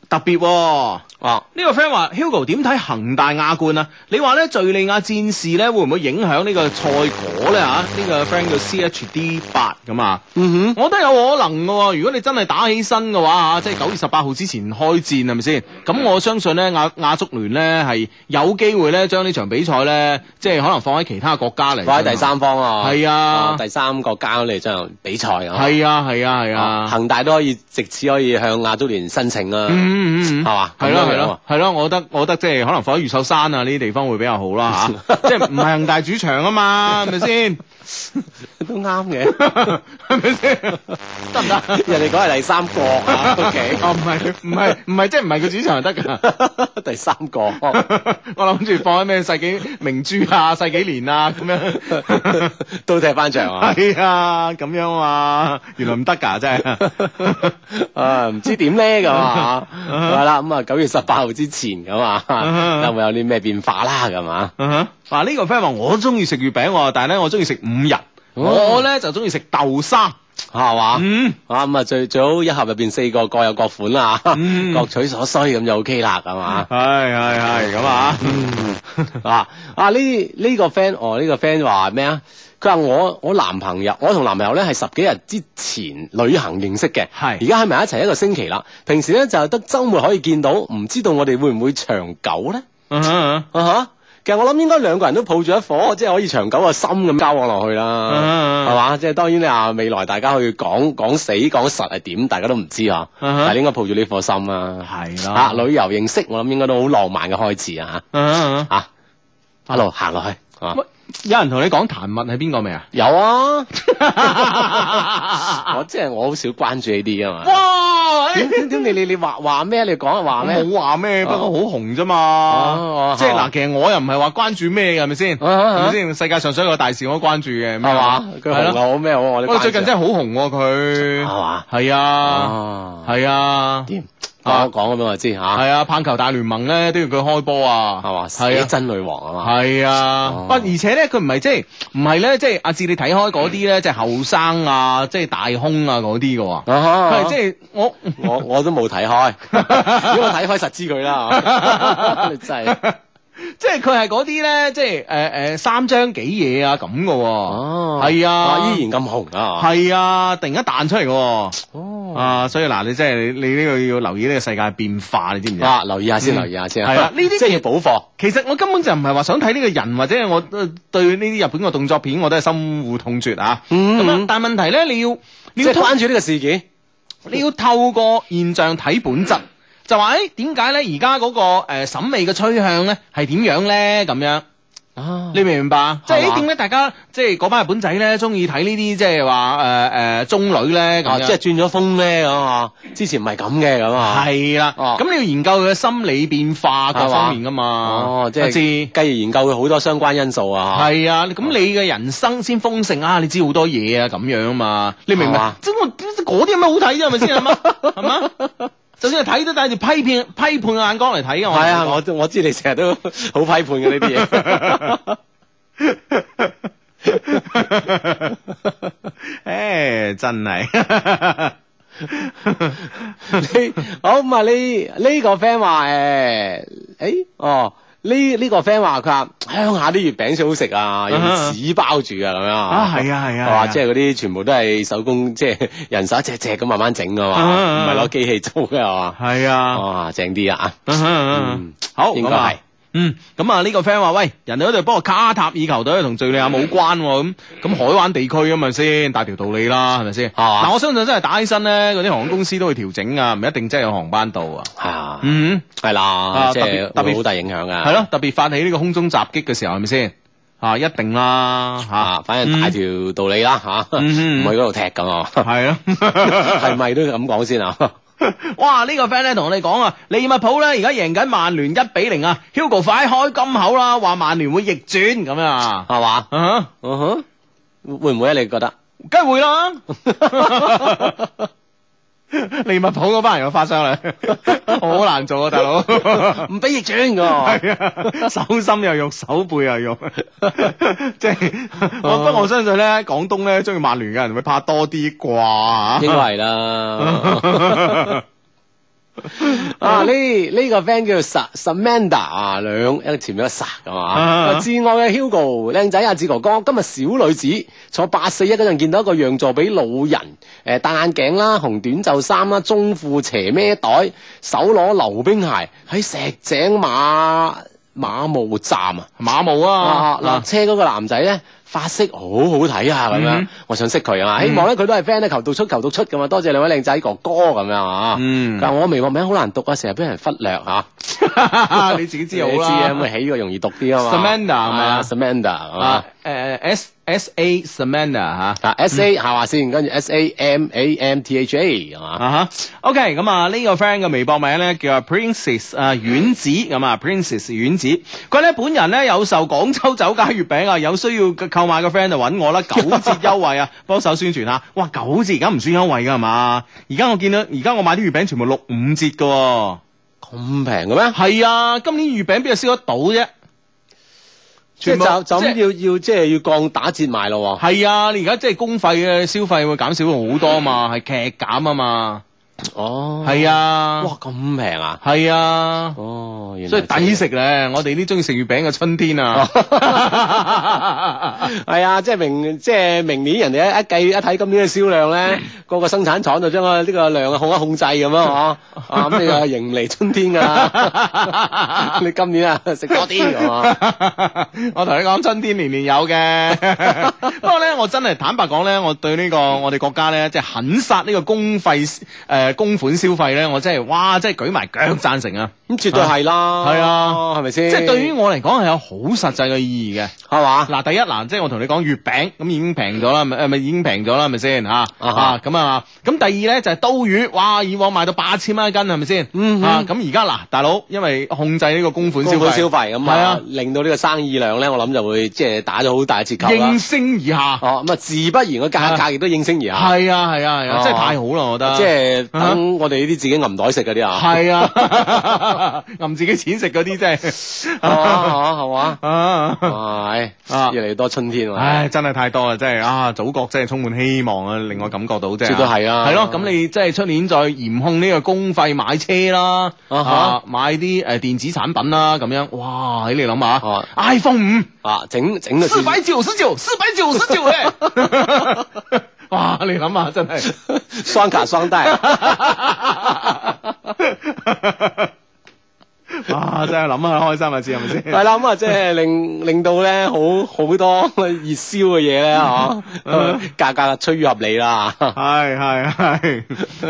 A: 特別、哦。啊！呢個 friend 話 Hugo 點睇恒大亞冠啊？你話咧，敘利亞戰事咧會唔會影響呢個賽果咧吓？呢個 friend 叫 C H D 八咁啊。嗯哼，我覺得有可能噶。如果你真係打起身嘅話吓，即係九月十八號之前開戰係咪先？咁我相信咧亞亞足聯咧係有機會咧將呢場比賽咧即係可能放喺其他國家嚟，放喺第三方啊。係啊，第三國家嚟進行比賽啊。係啊，係啊，係啊。恒大都可以直此可以向亞足聯申請啊。嗯嗯嗯，係嘛，係咯。係咯，係咯， 我覺得我覺得即係可能放喺越秀山啊呢啲地方會比較好啦吓、 啊，即係唔係恒大主場啊嘛，係咪先？都啱嘅 麼事，係咪先？得唔得？人哋講係第三個啊，OK 哦，唔係唔係唔係，即係唔係個主場就得噶， 第三個。 我諗住放喺咩世紀明珠啊、世紀年啊咁樣，都 踢翻場啊？係啊，咁樣啊。原來唔得噶，真係 啊，唔知點呢咁 啊？係啦，咁啊九月十八號之前咁啊，有冇有啲咩變化啦？咁啊？ 嗱呢、啊呢個 friend 話我中意食月餅，但係咧我中意食五仁，哦、我咧就中意食豆沙，係嘛？嗯，啊咁啊最最好一盒入邊四個各有各款啦，嗯、各取所需咁就 O、OK、K 啦，係嘛、嗯？係係係咁啊！啊啊呢呢個 friend 哦呢個 friend 話咩啊？佢、這、話、個啊呢個、我我男朋友，我同男朋友咧係十幾日之前旅行認識嘅，係而家喺埋一齊一個星期啦。平時咧就係得周末可以見到，唔知道我哋會唔會長久咧？嗯，嗯、啊啊啊其實我諗應該兩個人都抱住一顆，即係可以長久嘅心咁交往落去啦，係嘛？uh huh.？即係當然你話，未來大家去講講死講實係點，大家都唔知啊，uh huh. 但係應該抱住呢顆心啊。係啦咯、啊，旅遊認識，我諗應該都好浪漫嘅開始啊！吓，啊，一路行落去啊。Hello, 有人同你講譚物係邊個未啊？有啊！我即係我好少關注呢啲啊嘛。哇！點點點，你你你話話咩？你講啊話咩？冇話咩？不過好紅啫嘛。即係嗱，其實我又唔係話關注咩嘅，係咪先？係咪先？世界上所有大事我都關注嘅。咩話？佢話咩？我最近真係好紅佢。係嘛？係啊。係啊。我講咁俾我知嚇，係啊，啊！棒球大聯盟咧都要佢開波啊，係嘛？係、啊啊、真女王啊嘛！係啊！不、喔、而且咧，佢唔係即係唔係咧，即係阿志你睇開嗰啲咧，即係後生啊，即係大胸啊嗰啲嘅。啊！即係、即係啊即係啊、我我我都冇睇開， 如果我睇開實知佢啦。啊、 你真係～即係佢係嗰啲咧，即係誒誒三張幾嘢啊咁噶，哦、啊，係啊，依然咁紅啊，係啊，突然間彈出嚟，個、啊、哦啊，所以嗱，你即係你呢個要留意呢個世界變化，你知唔知啊？留意下先，先留意下先，係啊，呢啲即係要補課。其實我根本就唔係話想睇呢個人，或者我對呢啲日本嘅動作片，我都係深惡痛絕啊。咁、嗯、但係問題咧，你要你要，你要關注呢個事件，嗯、你要透過現象睇本質。嗯就話誒，點解咧？而家嗰個誒審美嘅趨向咧，係點樣咧？咁樣，你明唔明白？即係誒，點解大家即係嗰班日本仔咧，中意睇呢啲即係話誒誒，中女咧，即係轉咗風咧咁啊？之前唔係咁嘅咁啊？係啦，咁你要研究佢嘅心理變化各方面噶嘛？哦，即係繼續研究佢好多相關因素啊？吓，係啊，咁你嘅人生先豐盛啊！你知好多嘢啊，咁樣啊嘛？你明唔明？即係我嗰啲有咩好睇啫？係咪先？係嘛？係嘛？就算係睇都帶住批判批判嘅眼光嚟睇嘅，嘛，係啊，我我知你成日都好批判嘅呢啲嘢。誒，真係。你好嘛？你、這、呢個 friend 話誒，誒、欸，哦。呢呢個 friend 話佢話鄉下啲月餅先好食啊，用紙包住啊咁樣啊，係啊係啊，哇！即係嗰啲全部都係手工，即係人手一隻隻咁慢慢整㗎嘛，唔係攞機器做嘅係嘛？係啊，哇！正啲啊，嗯嗯，好應該係。嗯，咁啊呢個 friend 話喂，人哋嗰度幫我卡塔爾球隊同敘利亞冇關咁，啊，咁海灣地區咁啊先，大條道理啦，係咪先？嗱，啊啊，我相信真係打起身咧，嗰啲航空公司都會調整啊，唔一定真係有航班到啊。係，嗯，啦啊，嗯，係啦，即係特別好大影響啊。係咯，特別，啊，發起呢個空中襲擊嘅時候，係咪先？吓，啊，一定啦，吓，啊，反正大條道理啦，吓，嗯，唔去嗰度踢咁啊。係咯，係咪都咁講先啊？ 哇！這個、呢個 friend 咧同我哋講啊，利物浦咧而家贏緊曼聯一比零啊 ，Hugo 快開金口啦，話曼聯會逆轉咁樣，啊，係嘛？嗯哼，會唔會啊？你覺得？
C: 梗係會啦。
A: 利物浦嗰班人又發生嚟，好 難做啊，大佬！唔俾逆轉噶，係啊，手心又用，手背又用，即 係， 不過我相信咧，廣東咧中意曼聯嘅人會拍多啲啩，應該係啦。 慧 啊！呢、這、呢個 friend 叫 Sa Samanda 啊，兩一前面一個 Sam 㗎嘛。至、啊啊、愛嘅 Hugo 靚仔阿志哥哥，今日小女子坐八四一嗰陣見到一個讓座俾老人，誒、呃、戴眼鏡啦，紅短袖衫啦，中褲斜孭袋，手攞溜冰鞋喺石井馬馬務站馬啊馬務啊落車嗰個男仔咧。啊啊髮色好好睇啊！咁，、mm hmm. 樣，我想識佢啊，mm hmm. 希望咧佢都係 friend 咧，求到出求到出咁嘛。多謝兩位靚仔哥哥咁樣啊，但係我微博名好難讀，啊，成日俾人忽略吓。啊、 你自己知，你知啊，啦，起個容易讀啲 Sam anda, 啊嘛。Sandra 係咪 Sandra 係嘛，誒 S,、uh, s。S, s. A. Samantha, 啊、s A s a m a n t e r 嚇，啊 S A 下話先，跟住 S A M A M T H A 係嘛？o k 咁啊呢、okay, 個 friend 嘅微博名咧叫 Princess 啊、呃，丸子咁啊，Princess 丸子佢咧本人咧有售廣州酒家月餅啊，有需要購買嘅 friend 就揾我啦，九折優惠啊， 幫手宣傳嚇。哇，九折而家唔算優惠㗎係嘛？而家我見到而家我買啲月餅全部六五折㗎喎，咁平嘅咩？係啊，今年月餅邊度燒得到啫？全部要即是要即係是要,要降打折賣咯，係啊！你而家即係公費嘅消費會減少好多啊嘛，係劇減啊嘛。哦，係啊，哇咁平啊，係啊，哦，所以抵食咧，我哋啲中意食月餅嘅春天啊，係啊，即係明即係明年人哋一一計一睇今年嘅銷量咧，個個生產廠就將個呢個量控一控制咁咯，哦，啱啲啊，迎嚟春天啊？你今年啊食多啲，我同你講春天年年有嘅，不過咧我真係坦白講咧，我對呢個我哋國家咧即係狠殺呢個公費誒。公款消費咧，我真係哇，即係舉埋腳贊成啊！咁絕對係啦，係啊，係咪先？即係對於我嚟講，係有好實際嘅意義嘅，係嘛？嗱，第一嗱，即係我同你講月餅咁已經平咗啦，係咪已經平咗啦，係咪先？吓咁啊！咁第二咧就係刀魚，哇！以往賣到八千蚊一斤，係咪先？咁而家嗱，大佬因為控制呢個公款消費，消費咁啊，令到呢個生意量咧，我諗就會即係打咗好大折扣啦。應聲而下咁啊，自不然個價格亦都應聲而下。係啊，係啊，係啊，真係太好啦！我覺得即係。我哋呢啲自己揞袋食嗰啲啊，係啊，揞自己錢食嗰啲真係，係嘛，係越嚟越多春天啊！唉，真係太多啦，真係啊，祖國真係充滿希望啊，令我感覺到啫。都係啊，係咯，咁你即係出年再嚴控呢個公費買車啦，吓買啲誒電子產品啦，咁樣哇，你嚟諗下，iPhone 五啊，整整個四百九十九，四百九十九誒。哇！你諗下，真係雙卡雙待。 啊！真係諗下開心啊。知係咪先？係啦、 嗯，咁、就、啊、是，即係令令到咧，好好多熱銷嘅嘢咧，嗬，價格啊， 格格吹入嚟啦！係係係！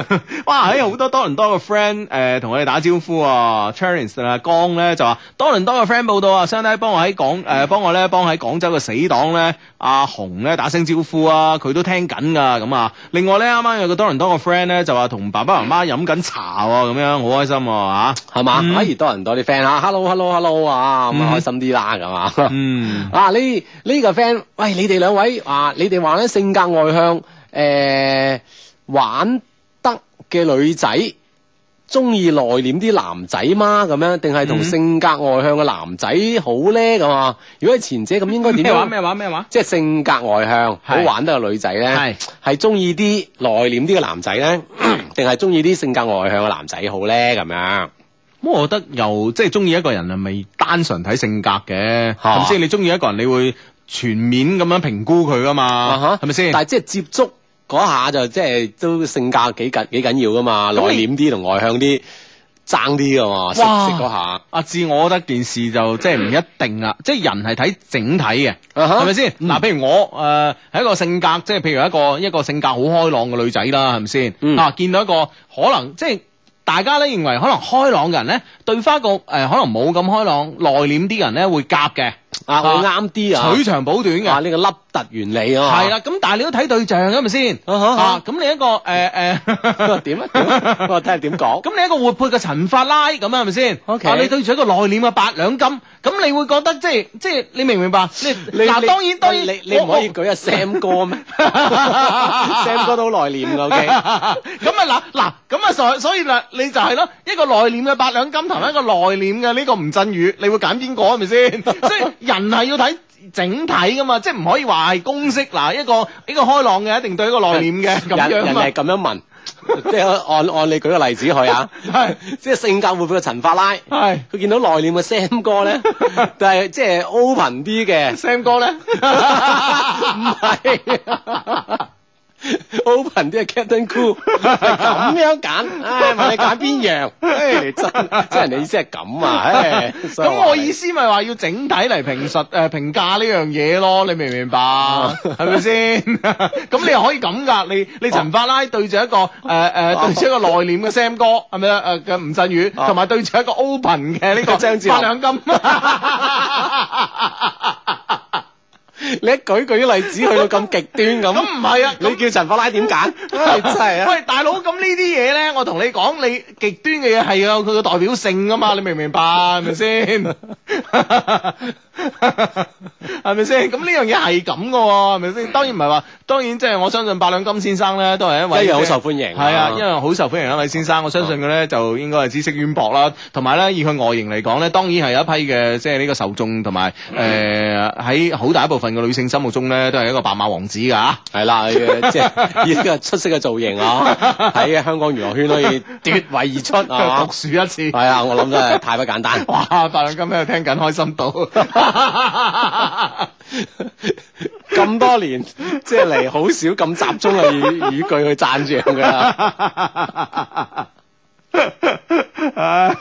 A: 嗯、哇！喺、哎、好多多倫多嘅 friend 誒同我哋打招呼啊！Charles 啊，江咧 就話多倫多嘅 friend 報道啊相 u n 幫我喺廣誒幫我咧幫喺廣州嘅死黨咧阿紅咧打聲招呼啊！佢都聽緊㗎咁啊！另外咧，啱啱有個多倫多嘅 friend 咧就話同爸爸媽媽飲緊茶咁樣，好開心啊，係嘛？反而多人。多啲 friend 啊，hello hello hello 啊，咁啊開心啲啦，咁啊，嗯、啊呢呢、呢個 friend，喂你哋兩位啊，你哋話咧，性格外向，誒、呃、玩得嘅女仔中意內斂啲男仔嗎？咁樣定係同性格外向嘅男仔好咧？咁啊，如果係前者咁，應該點？咩話咩話咩話？即係性格外向，好玩得嘅女仔咧，係係中意啲內斂啲嘅男仔咧，定係中意啲性格外向嘅男仔好咧？咁樣？我覺得又即係中意一個人啊，咪單純睇性格嘅，係咪先？你中意一個人，你會全面咁樣評估佢噶嘛？係咪先？是是但係即係接觸嗰下就即係都性格幾緊幾緊要噶嘛？內斂啲同外向啲爭啲噶嘛？識識嗰下阿自、啊、我覺得件事就即係唔一定啊！嗯、即係人係睇整體嘅，係咪先？嗱、嗯啊，譬如我誒係、呃、一個性格，即係譬如一個一個，一個性格好開朗嘅女仔啦，係咪先？嗯、啊，見到一個可能即係。大家咧認為可能開朗嘅人咧，對花個誒、呃、可能冇咁開朗，內斂啲人咧會夾嘅，啊，會啱啲啊，啊取長補短嘅，呢、啊這個合。原理啊嘛，係啦，咁但係你都睇對象，係咪先嚇。咁你一個誒誒點咧？我睇下點講。咁你一個活潑嘅陳法拉咁啊，係咪先？但你對住一個內斂嘅八兩金，咁你會覺得即係即係你明唔明白？你你嗱當然當然，你你唔可以舉阿 Sam 哥咩？Sam 哥都好內斂㗎，OK。咁啊嗱嗱，咁啊所所以啦，你就係咯一個內斂嘅八兩金，同一個內斂嘅呢個吳鎮宇，你會揀邊個啊？係咪先？所以人係要睇整體噶嘛，即係唔可以話。係公式嗱，一個一個開朗嘅一定對一個內斂嘅人人係咁樣問，樣問 即係按按你舉個例子去 啊，係，即係性格會唔會陳法拉。係是，佢見到內斂嘅 Sam 哥咧， 但係即係 open 啲嘅 Sam 哥咧，唔係 不是。 Open 啲啊，Captain Cool，咁樣揀，唉，問你揀邊樣？唉，真，即係你意思係咁啊？咁我意思咪話要整體嚟評述誒，評價呢樣嘢咯？你明唔明白？係咪先？咁你又可以咁噶？你你陳法拉對住一個誒誒，對住一個內斂嘅 Sam 哥，係咪啊？誒嘅吳鎮宇，同埋對住一個 Open 嘅呢個張智。八兩金。你一舉一舉例子去到咁極端咁，咁唔係啊？ 你叫陳法拉點揀？真係啊！就是、 喂，大佬，咁呢啲嘢咧，我同你講，你極端嘅嘢係有佢嘅代表性㗎嘛，你明唔明白？係咪先？係咪先？咁呢 樣嘢係咁噶喎係咪先？當然唔係話，當然即係我相信八兩金先生咧，都係一位，好受歡迎，啊，係啊，因為好受歡迎一位先生。嗯、我相信佢咧就應該係知識淵博啦，同埋咧以佢外形嚟講咧，當然係有一批嘅即係呢個受眾，同埋誒喺好大一部分嘅女性心目中咧都係一個白馬王子噶吓、啊嗯。係啦，即係以呢個出色嘅造型啊，喺香港娛樂圈可以奪位而出 啊，獨樹一次。係 啊，我諗真係太不簡單。哇，八兩金喺度聽緊，開心到。 咁 多年， 即係嚟，好少咁集中嘅語語句去讚住。嘅。 唉，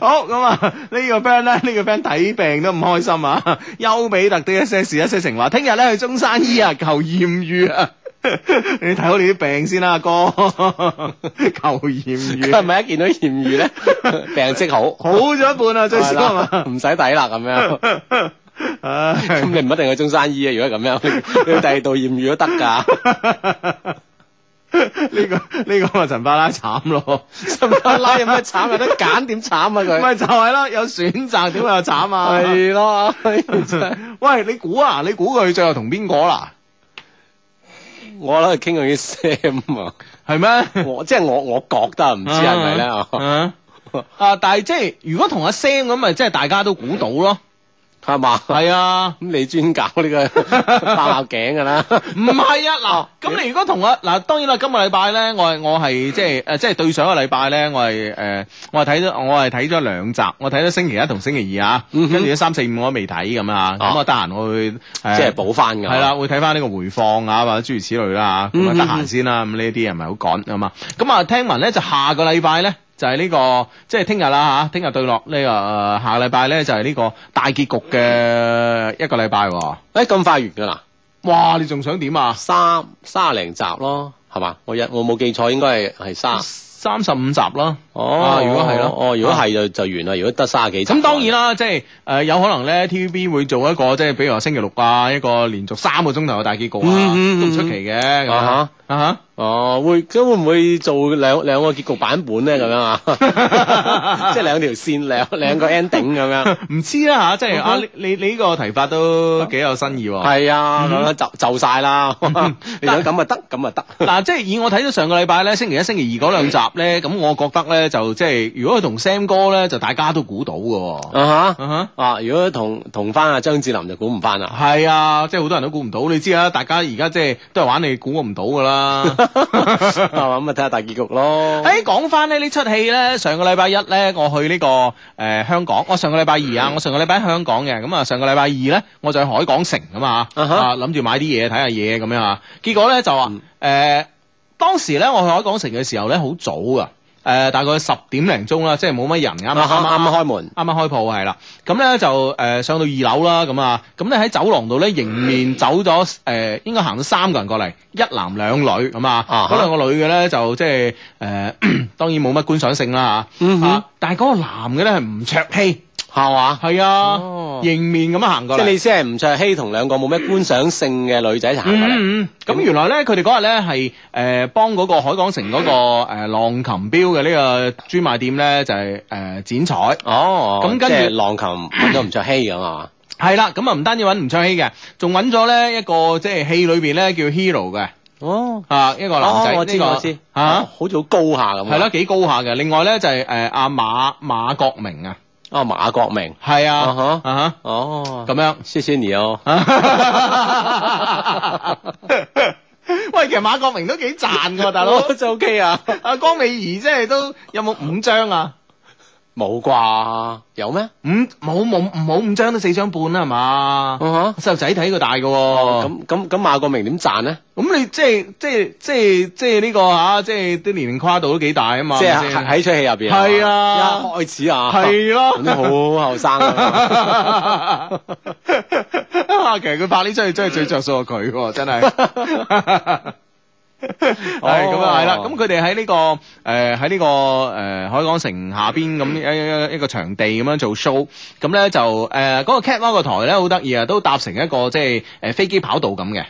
A: 好咁啊，呢、這個 friend 咧、啊，呢、這個 friend 睇病都唔開心啊。丘比特的一些事，一些情話，聽日咧去中山醫啊，求艷遇啊！ 你睇好你啲病先、啊、啦，哥求豔遇係咪一見到豔遇咧，病即好， 好咗一半啊，最起碼唔使抵啦咁樣。咁、哎、你唔一定去中山醫啊？如果咁樣，你你去第二度豔遇都得噶。呢、 呢個呢、呢個咪陳法拉慘咯，陳法拉有咩慘有得揀點慘啊？佢咪、 啊、就係咯，有選擇點會有慘啊？係咯、哎，喂，你估啊？你估佢最後同邊個啦？我喺度傾緊啲聲 Sam 啊，係咩？我即係我，我覺得唔知係咪咧啊！啊，但係即係如果同阿 Sam 咁咪，即係大家都估到咯。係嘛？係啊，咁、嗯、你專搞呢、這個打頸噶啦？唔係啊，嗱，咁你如果同我嗱，當然啦，今個禮拜咧，我係我係即係誒，即係對上個禮拜咧，我係誒、呃，我係睇咗我係睇咗兩集，我睇咗星期一同星期二啊，跟住、嗯、哼三四五我未睇咁啊，咁啊得閒我會即係補翻噶。係啦，會睇翻呢個回放啊，或者諸如此類啦啊，咁啊得閒先啦，咁、嗯、哼 呢啲又唔係好趕啊嘛。咁啊聽聞咧就下個禮拜咧，就係呢、這個，即係聽日啦吓，聽、啊、日對落呢、這個、呃、下禮拜咧，就係呢個大結局嘅一個禮拜。誒、欸，咁快完噶啦？哇，你仲想點啊？三三十零集咯，係嘛？我一我冇記錯，應該係係三三十五集咯。哦，如果係咯，哦如果係就就完啦，如果得卅幾集咁，當然啦，即係誒有可能咧，TVB 會做一個即係，比如話星期六啊，一個連續三個鐘頭嘅大結局啊，都唔出奇嘅，啊吓哦會咁會唔會做兩兩個結局版本咧？咁樣啊，即係兩條線兩兩個 ending 咁樣，唔知啦吓，即係啊你你呢個提法都幾有新意喎，係啊，就就晒啦，如果咁啊得，咁啊得，嗱即係以我睇到上個禮拜咧，星期一、星期二嗰兩集咧，咁我覺得咧。就即係，如果佢同 Sam 哥咧，就大家都估到嘅。啊如果同同翻阿張智霖就估唔翻啦。係啊，即係好多人都估唔到，你知啊。大家而家即係都係玩你估唔到嘅啦。咁啊，睇下大結局咯。誒，講翻咧呢出戲咧，上個禮拜一咧，我去呢、這個誒、呃、香港。哦上禮啊、 我上個禮拜二啊，我上個禮拜喺香港嘅。咁啊，上個禮拜二咧，我就去海港城咁嘛，諗住、uh huh. 買啲嘢睇下嘢咁樣。結果咧就話誒、呃，當時咧、 嗯、我去海港城嘅時候咧，好早啊。誒、呃、大概十點零鐘啦，即係冇乜人啱啱，啊，啱啱啱開門，啱啱開鋪係啦。咁咧就誒、呃、上到二樓啦，咁啊，咁咧喺走廊度咧迎面走咗誒、嗯呃，應該行咗三個人過嚟，一男兩女咁啊。嗰兩個女嘅咧就即係誒、呃，當然冇乜觀賞性啦嚇、嗯哼啊。但係嗰個男嘅咧係唔卓氣嚇哇？係啊吧。的迎面咁樣行過嚟即係你先係吳卓羲同兩個冇咩觀賞性嘅女仔行過嚟、嗯。咁、嗯、樣原來咧，佢哋嗰日咧係誒幫嗰個海港城嗰、那個誒、呃、浪琴表嘅呢個專賣店咧，就係誒剪彩。哦，咁跟住浪琴揾到吳卓羲噶嘛？係啦、呃，咁啊唔單止搵吳卓羲嘅，仲搵咗咧一個即係戲裏邊咧叫 Hero 嘅。哦，啊一個男仔、哦，我知我知，吓、這個啊、好似好高下咁。係啦， 幾高下嘅。另外咧就係誒阿馬馬，馬國明啊。啊、哦、馬國明係啊，啊哈，啊吓哈哦，咁樣謝謝你哦， 喂，其實馬國明都幾賺噶， 大佬，OK 啊，阿江美儀即係都有冇五張啊？冇啩，有咩嗎？五冇冇，唔好五張都四張半啦，係嘛、uh？細、huh. 路仔睇佢大㗎，咁咁咁馬國明點賺咧？咁、嗯、你即係即係即係即係、這、呢個啊，即係啲年齡跨度都幾大啊嘛？即係行喺出戲入邊係啊，一、啊、開始啊，係咯，好後生啊。 其實佢拍呢出戲真係最着數係佢，真係。
C: 係咁啊，係啦、 oh，咁
A: 佢哋喺呢個誒，喺、呃、呢、這個誒、呃，海港城下邊咁一一一個場地咁樣做 show，咁、嗯、咧就誒，呃那個 catwalk 個台咧好得意啊，都搭成一個即係誒、呃、飛機跑道咁嘅。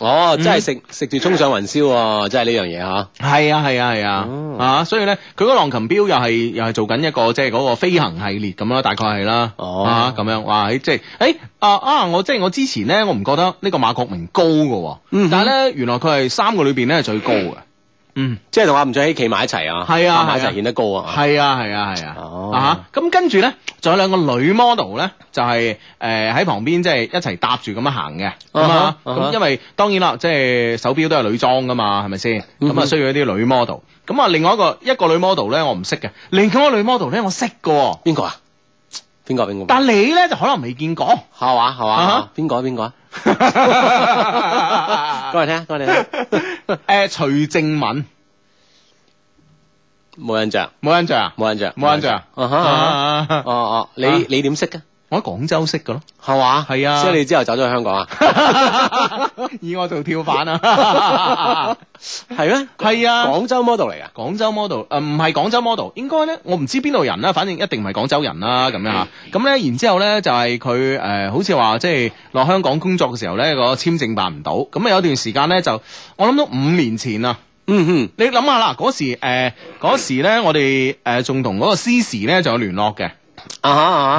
A: 哦，真係食、嗯、食住衝上雲霄喎，真係呢樣嘢嗬。係啊係啊係啊，啊，啊，啊，啊所以咧，佢嗰個浪琴表又係又係做緊一個即係嗰個飛行系列咁啦，大概係啦，哦、啊咁樣。哇，即係誒啊啊！我即係、啊、我之前咧，我唔覺得呢個馬國明高噶，但係咧原來佢係三個裏邊咧係最高嘅。嗯嗯，即係同阿吳卓羲企埋一齊啊，搭埋一齊顯得高啊，係啊係啊係啊，啊咁跟住咧，仲有兩個女 model 咧，就係誒喺旁邊即係一齊搭住咁樣行嘅，咁因為當然啦，即係手表都係女裝噶嘛，係咪先？咁啊需要一啲女 model，咁啊另外一個一個女 model 咧我唔識嘅，另一個女 model 咧我識嘅，邊個啊？邊個邊個？但你咧就可能未見過，係嘛係嘛？邊個邊個？ 過嚟聽下，過嚟聽誒，徐靜敏，冇印象，冇印象啊，冇印象，冇印象。哦哦，你你點識噶？喺廣州識嘅咯，係嘛？係吧啊，即係你之後走咗去香港啊？ 以我做跳板啊？ 係咩？係啊，廣州 model 嚟噶，廣州 model，誒，唔係廣州 model，應該咧，我唔知邊度人啦，反正一定唔係廣州人啦，咁樣吓。咁咧，然之後咧就係佢誒，好似話、呃、即係落香港工作嘅時候咧，個簽證辦唔到。咁啊，有一段時間咧就，我諗到五年前啊，嗯嗯，你諗下啦，嗰時誒，嗰、呃、時咧我哋誒仲同嗰個 C 時咧就有聯絡嘅。啊吓，啊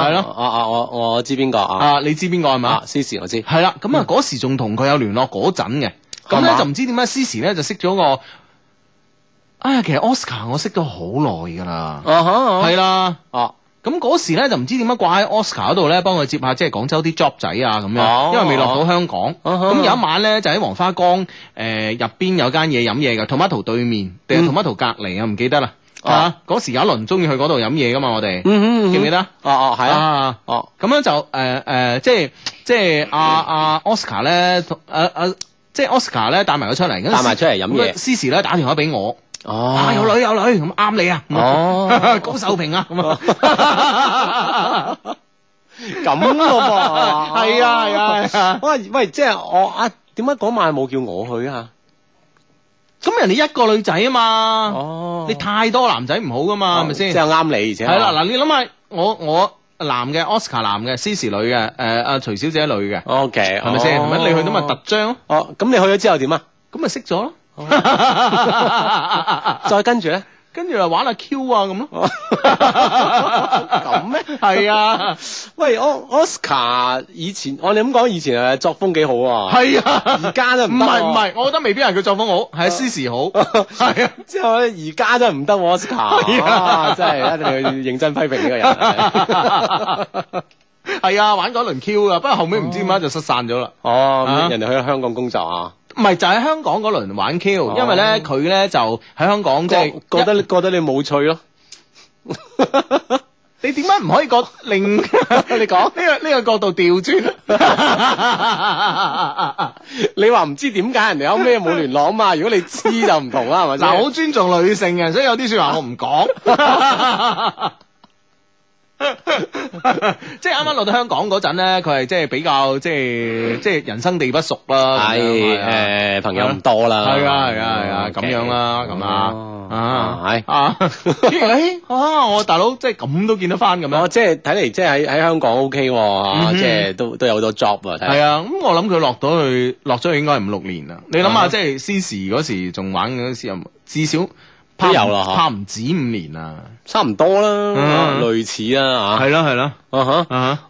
A: 哈，係咯，啊啊我我知邊個啊，啊你知邊個係嘛？C C 我知，係啦，咁啊嗰時仲同佢有聯絡嗰陣嘅，咁咧就唔知點解 C C 咧就識咗個，啊其實 Oscar 我識咗好耐噶啦，啊哈，係啦，哦，咁嗰時咧就唔知點解掛喺 Oscar 嗰度咧，幫佢接下即係廣州啲 job 仔啊咁樣，因為未落到香港，咁有一晚咧就喺黃花崗誒入邊有間嘢飲嘢噶，Tomato 對面定係 Tomato 隔籬啊？我唔記得啦。啊！嗰時有一輪中意去嗰度飲嘢噶嘛，我哋記唔記得？哦哦，係啊，哦，咁樣就誒誒，即係即係阿阿奧斯卡咧，誒誒，即係奧斯卡咧帶埋佢出嚟，帶埋出嚟飲嘢，C C 咧打電話俾我，哦，有女有女，咁啱你啊，哦，高秀平啊，咁咯噃，係啊係啊，喂喂，即係我啊，點解嗰晚冇叫我去啊？咁人哋一個女仔啊嘛，oh, 你太多男仔唔好噶嘛，係咪先？即係啱你，而且係啦，嗱，你諗下，我我男嘅 Oscar 男嘅，Cici 女嘅，誒、呃、阿徐小姐女嘅，OK，係咪先？咁、oh, 你去到咪特張？Oh, 哦，咁你去咗之後點啊？咁咪識咗咯，oh, okay. 再跟住咧。跟住又玩下、啊、Q 啊咁，咁咩？係 啊，喂，O Oscar 以前我哋咁講，以前係作風幾好啊，係啊，而家都唔，唔係唔係，我覺得未必係佢作風好，係 C C 好，係啊，之後咧而家都係唔得，Oscar， 啊、真係一定要認真批評呢個人，係啊， 啊，玩過一輪 Q 啊，不過後尾唔知點解就失散咗啦、哦，哦，咁人哋去咗香港工作啊。唔係就喺、是、香港嗰輪玩 Q，、哦、因為咧佢咧就喺香港過即係覺得覺得你冇 趣咯。 你點解唔可以覺另 你講呢個呢個角度調轉？你話唔知點解人哋有咩冇聯絡嘛？ 如果你知就唔同啦，係咪？嗱，好尊重女性嘅，所以有啲説話我唔講。 即係啱啱落到香港嗰陣咧，佢係即係比較即係即係人生地不熟啦。係誒，朋友唔多啦。係啊係啊係啊，咁樣啦咁啊，啊，係啊。誒，我大佬即係咁都見得返咁樣。哦，即係睇嚟即係喺喺香港 OK，即係都都有好多 job。啊。係啊，咁我諗佢落到去，落咗去應該係五六年啦。你諗下，即係 C 時嗰時仲玩嗰時，至少。都有啦，拍唔止五年啊，差唔多啦，類似啦吓，係咯係咯，啊哈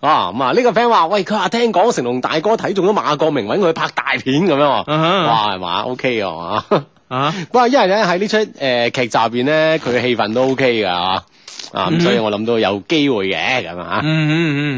A: 啊咁啊呢個 friend 話，喂佢話聽講成龍大哥睇中咗馬國明，搵佢拍大片咁樣，uh huh. 哇係嘛，O K 啊，啊，不 過、啊、因為咧喺呢出誒劇集入邊咧，佢嘅氣氛都 O K 噶。啊，咁所以我諗到有機會嘅咁啊，嗯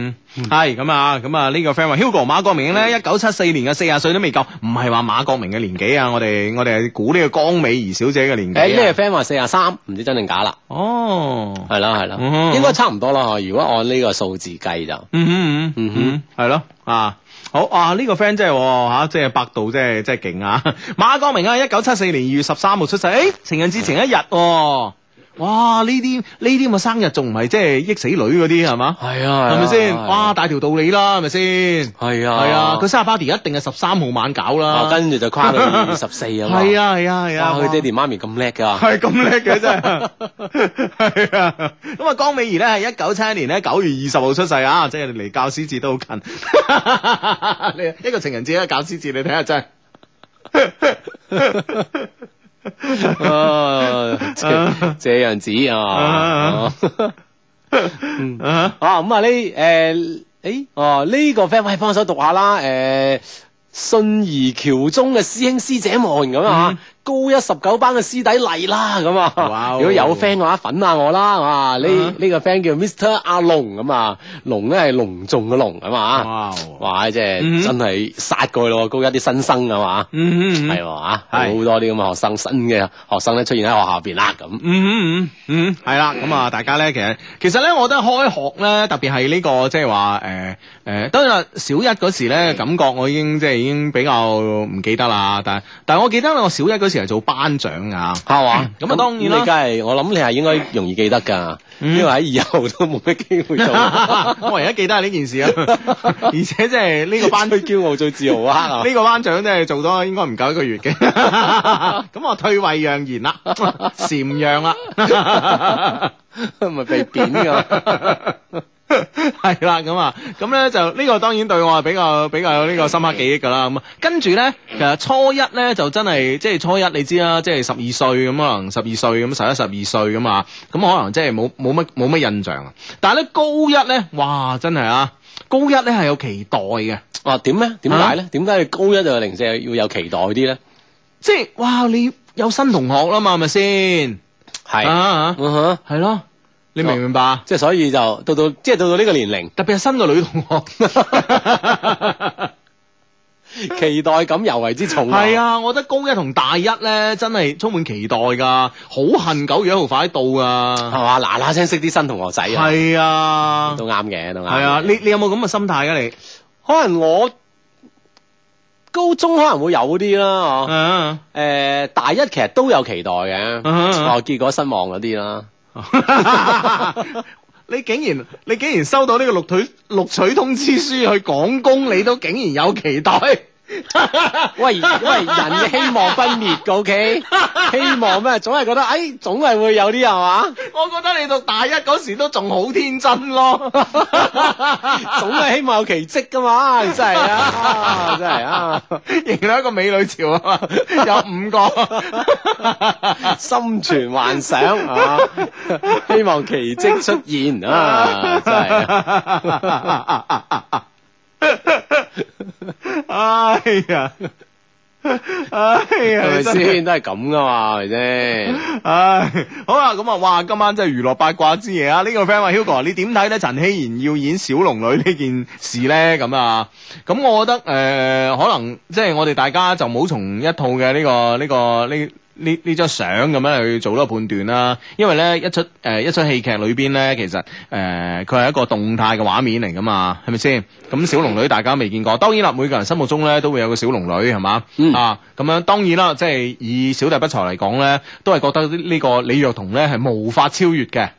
A: 嗯嗯，係、嗯、咁、嗯嗯、啊，咁啊呢、呢個 friend 話，Hugo 馬國明咧，一九七四年嘅四十歲都未夠，唔係話馬國明嘅年紀啊，嗯、我哋我哋係估呢個江美儀小姐嘅年紀、啊。誒、欸，呢個 friend 話四十三，唔知真定假啦。哦，係啦係啦，嗯嗯、應該差唔多啦，如果按呢個數字計就。嗯哼，嗯嗯嗯，係咯、嗯，啊好啊呢、呢個 friend 真係吓，即、啊、係百度即係即係勁啊！ 馬國明啊，一九七四年二月十三號出世、欸，情人節前一日。哦哇！呢啲呢啲咁嘅生日仲唔係即係益死女嗰啲係嘛？係啊，係咪先？哇！大條道理啦，係咪先？
B: 係啊，係啊！佢
A: 生日 party 一定係十三號晚搞啦，跟住就跨到二十四啊，係啊，係啊，係啊！佢爹哋媽咪咁叻噶，係咁叻嘅真係。係啊。咁啊，江美儀咧係一九七一年咧九月二十號出世啊，即係離教師節都好近。你一個情人節啊，一個教師節你睇下真係。啊，即係 這樣子啊，啊，咁啊呢誒，誒，哦呢個 friend，喂，幫手讀下啦，誒，信義橋中嘅師兄師姐們咁啊。嗯高一十九班嘅師弟嚟啦，咁啊！Wow. 如果有 friend 嘅話，粉下我啦，係嘛？呢呢個 friend 叫 Mr 阿龍，咁啊，龍咧係隆重嘅龍，咁啊，Wow. 哇！哇、就是，即係、mm hmm. 真係殺過咯，高一啲新生，係嘛、mm？嗯嗯嗯，係哇，好是多啲咁嘅學生，新嘅學生咧出現喺學校邊啦，咁嗯嗯嗯嗯，係啦，咁啊，大家咧其實其實咧，我覺得開學咧，特別係呢個即係話誒。就是誒，當然啦，小一嗰時咧，感覺我已經即係已經比較唔記得啦。但係，但係我記得啦，我小一嗰時係做班長啊，係嘛、嗯。咁當然，當然你梗係，我諗你係應該容易記得噶，嗯、因為喺以後都冇乜機會做。 我而家記得係呢件事啊， 而且即係呢個班 最驕傲、最自豪啊！呢 個班長即係做咗應該唔夠一個月嘅，咁 我退位讓賢啦，禪 讓啦言，唔係被貶噶。係啦，咁啊， 咁咧就呢、這個當然對我係比較比較有呢個深刻記憶噶啦。咁啊，跟住咧，其實初一咧就真係，即係初一你知啦，即係十二歲咁，可能十二歲咁，十一十二歲咁啊，咁可能即係冇冇乜冇乜印象啊。但係咧高一咧，哇，真係啊，高一咧係有期待嘅。哦、啊，點咧？點解咧？點解、啊、高一就零舍要有期待啲咧、啊？即係哇，你有新同學啦嘛，係咪先？係啊，嗯哼，係咯。你明唔明白？即係所以就到到，即係到到呢個年齡，特別係新嘅女同學 期待感尤為之重、啊。係 啊，我覺得高一同大一咧，真係充滿期待噶，好恨九月一號快到噶，係嘛、啊，嗱嗱聲識啲新同學仔啊，係啊，都啱嘅，都啱。係啊，你你有冇咁嘅心態噶、啊？你可能我高中可能會有啲啦，誒、啊欸，大一其實都有期待嘅，哦、啊，啊啊、結果失望嗰啲啦。 你竟然你竟然收到呢個錄取錄取通知書去廣工，你都竟然有期待。 喂喂，人嘅希望不滅嘅，O K，希望咩？總係覺得，哎，總係會有啲係嘛？我覺得你讀大一嗰時都仲好天真咯， 總係希望有奇蹟噶嘛，真係啊，真係啊，真係啊，迎來一個美女潮啊，嘛， 有五個，心 存幻想啊，希望奇蹟出現 啊，真係。 哎呀，哎呀，先 都係咁噶嘛？係咪啫？哎，好啊，咁啊，哇，今晚真係娛樂八卦之夜啊！呢、這個 friend 話、啊、，Hugo，你點睇咧？陳妍希要演小龍女呢件事咧？咁啊，咁我覺得誒、呃，可能即係我哋大家就冇好從一套嘅呢、這個呢、這個呢。這個這個呢呢張相咁樣去做一個判斷啦、啊，因為呢一出誒、呃、一出戲劇裏邊呢，其實誒佢係一個動態嘅畫面嚟噶嘛，係咪先？咁小龍女大家未見過，當然啦，每個人心目中呢都會有個小龍女係嘛、嗯、啊咁樣，當然啦，即係以小弟不才嚟講呢，都係覺得呢呢個李若彤呢係無法超越嘅，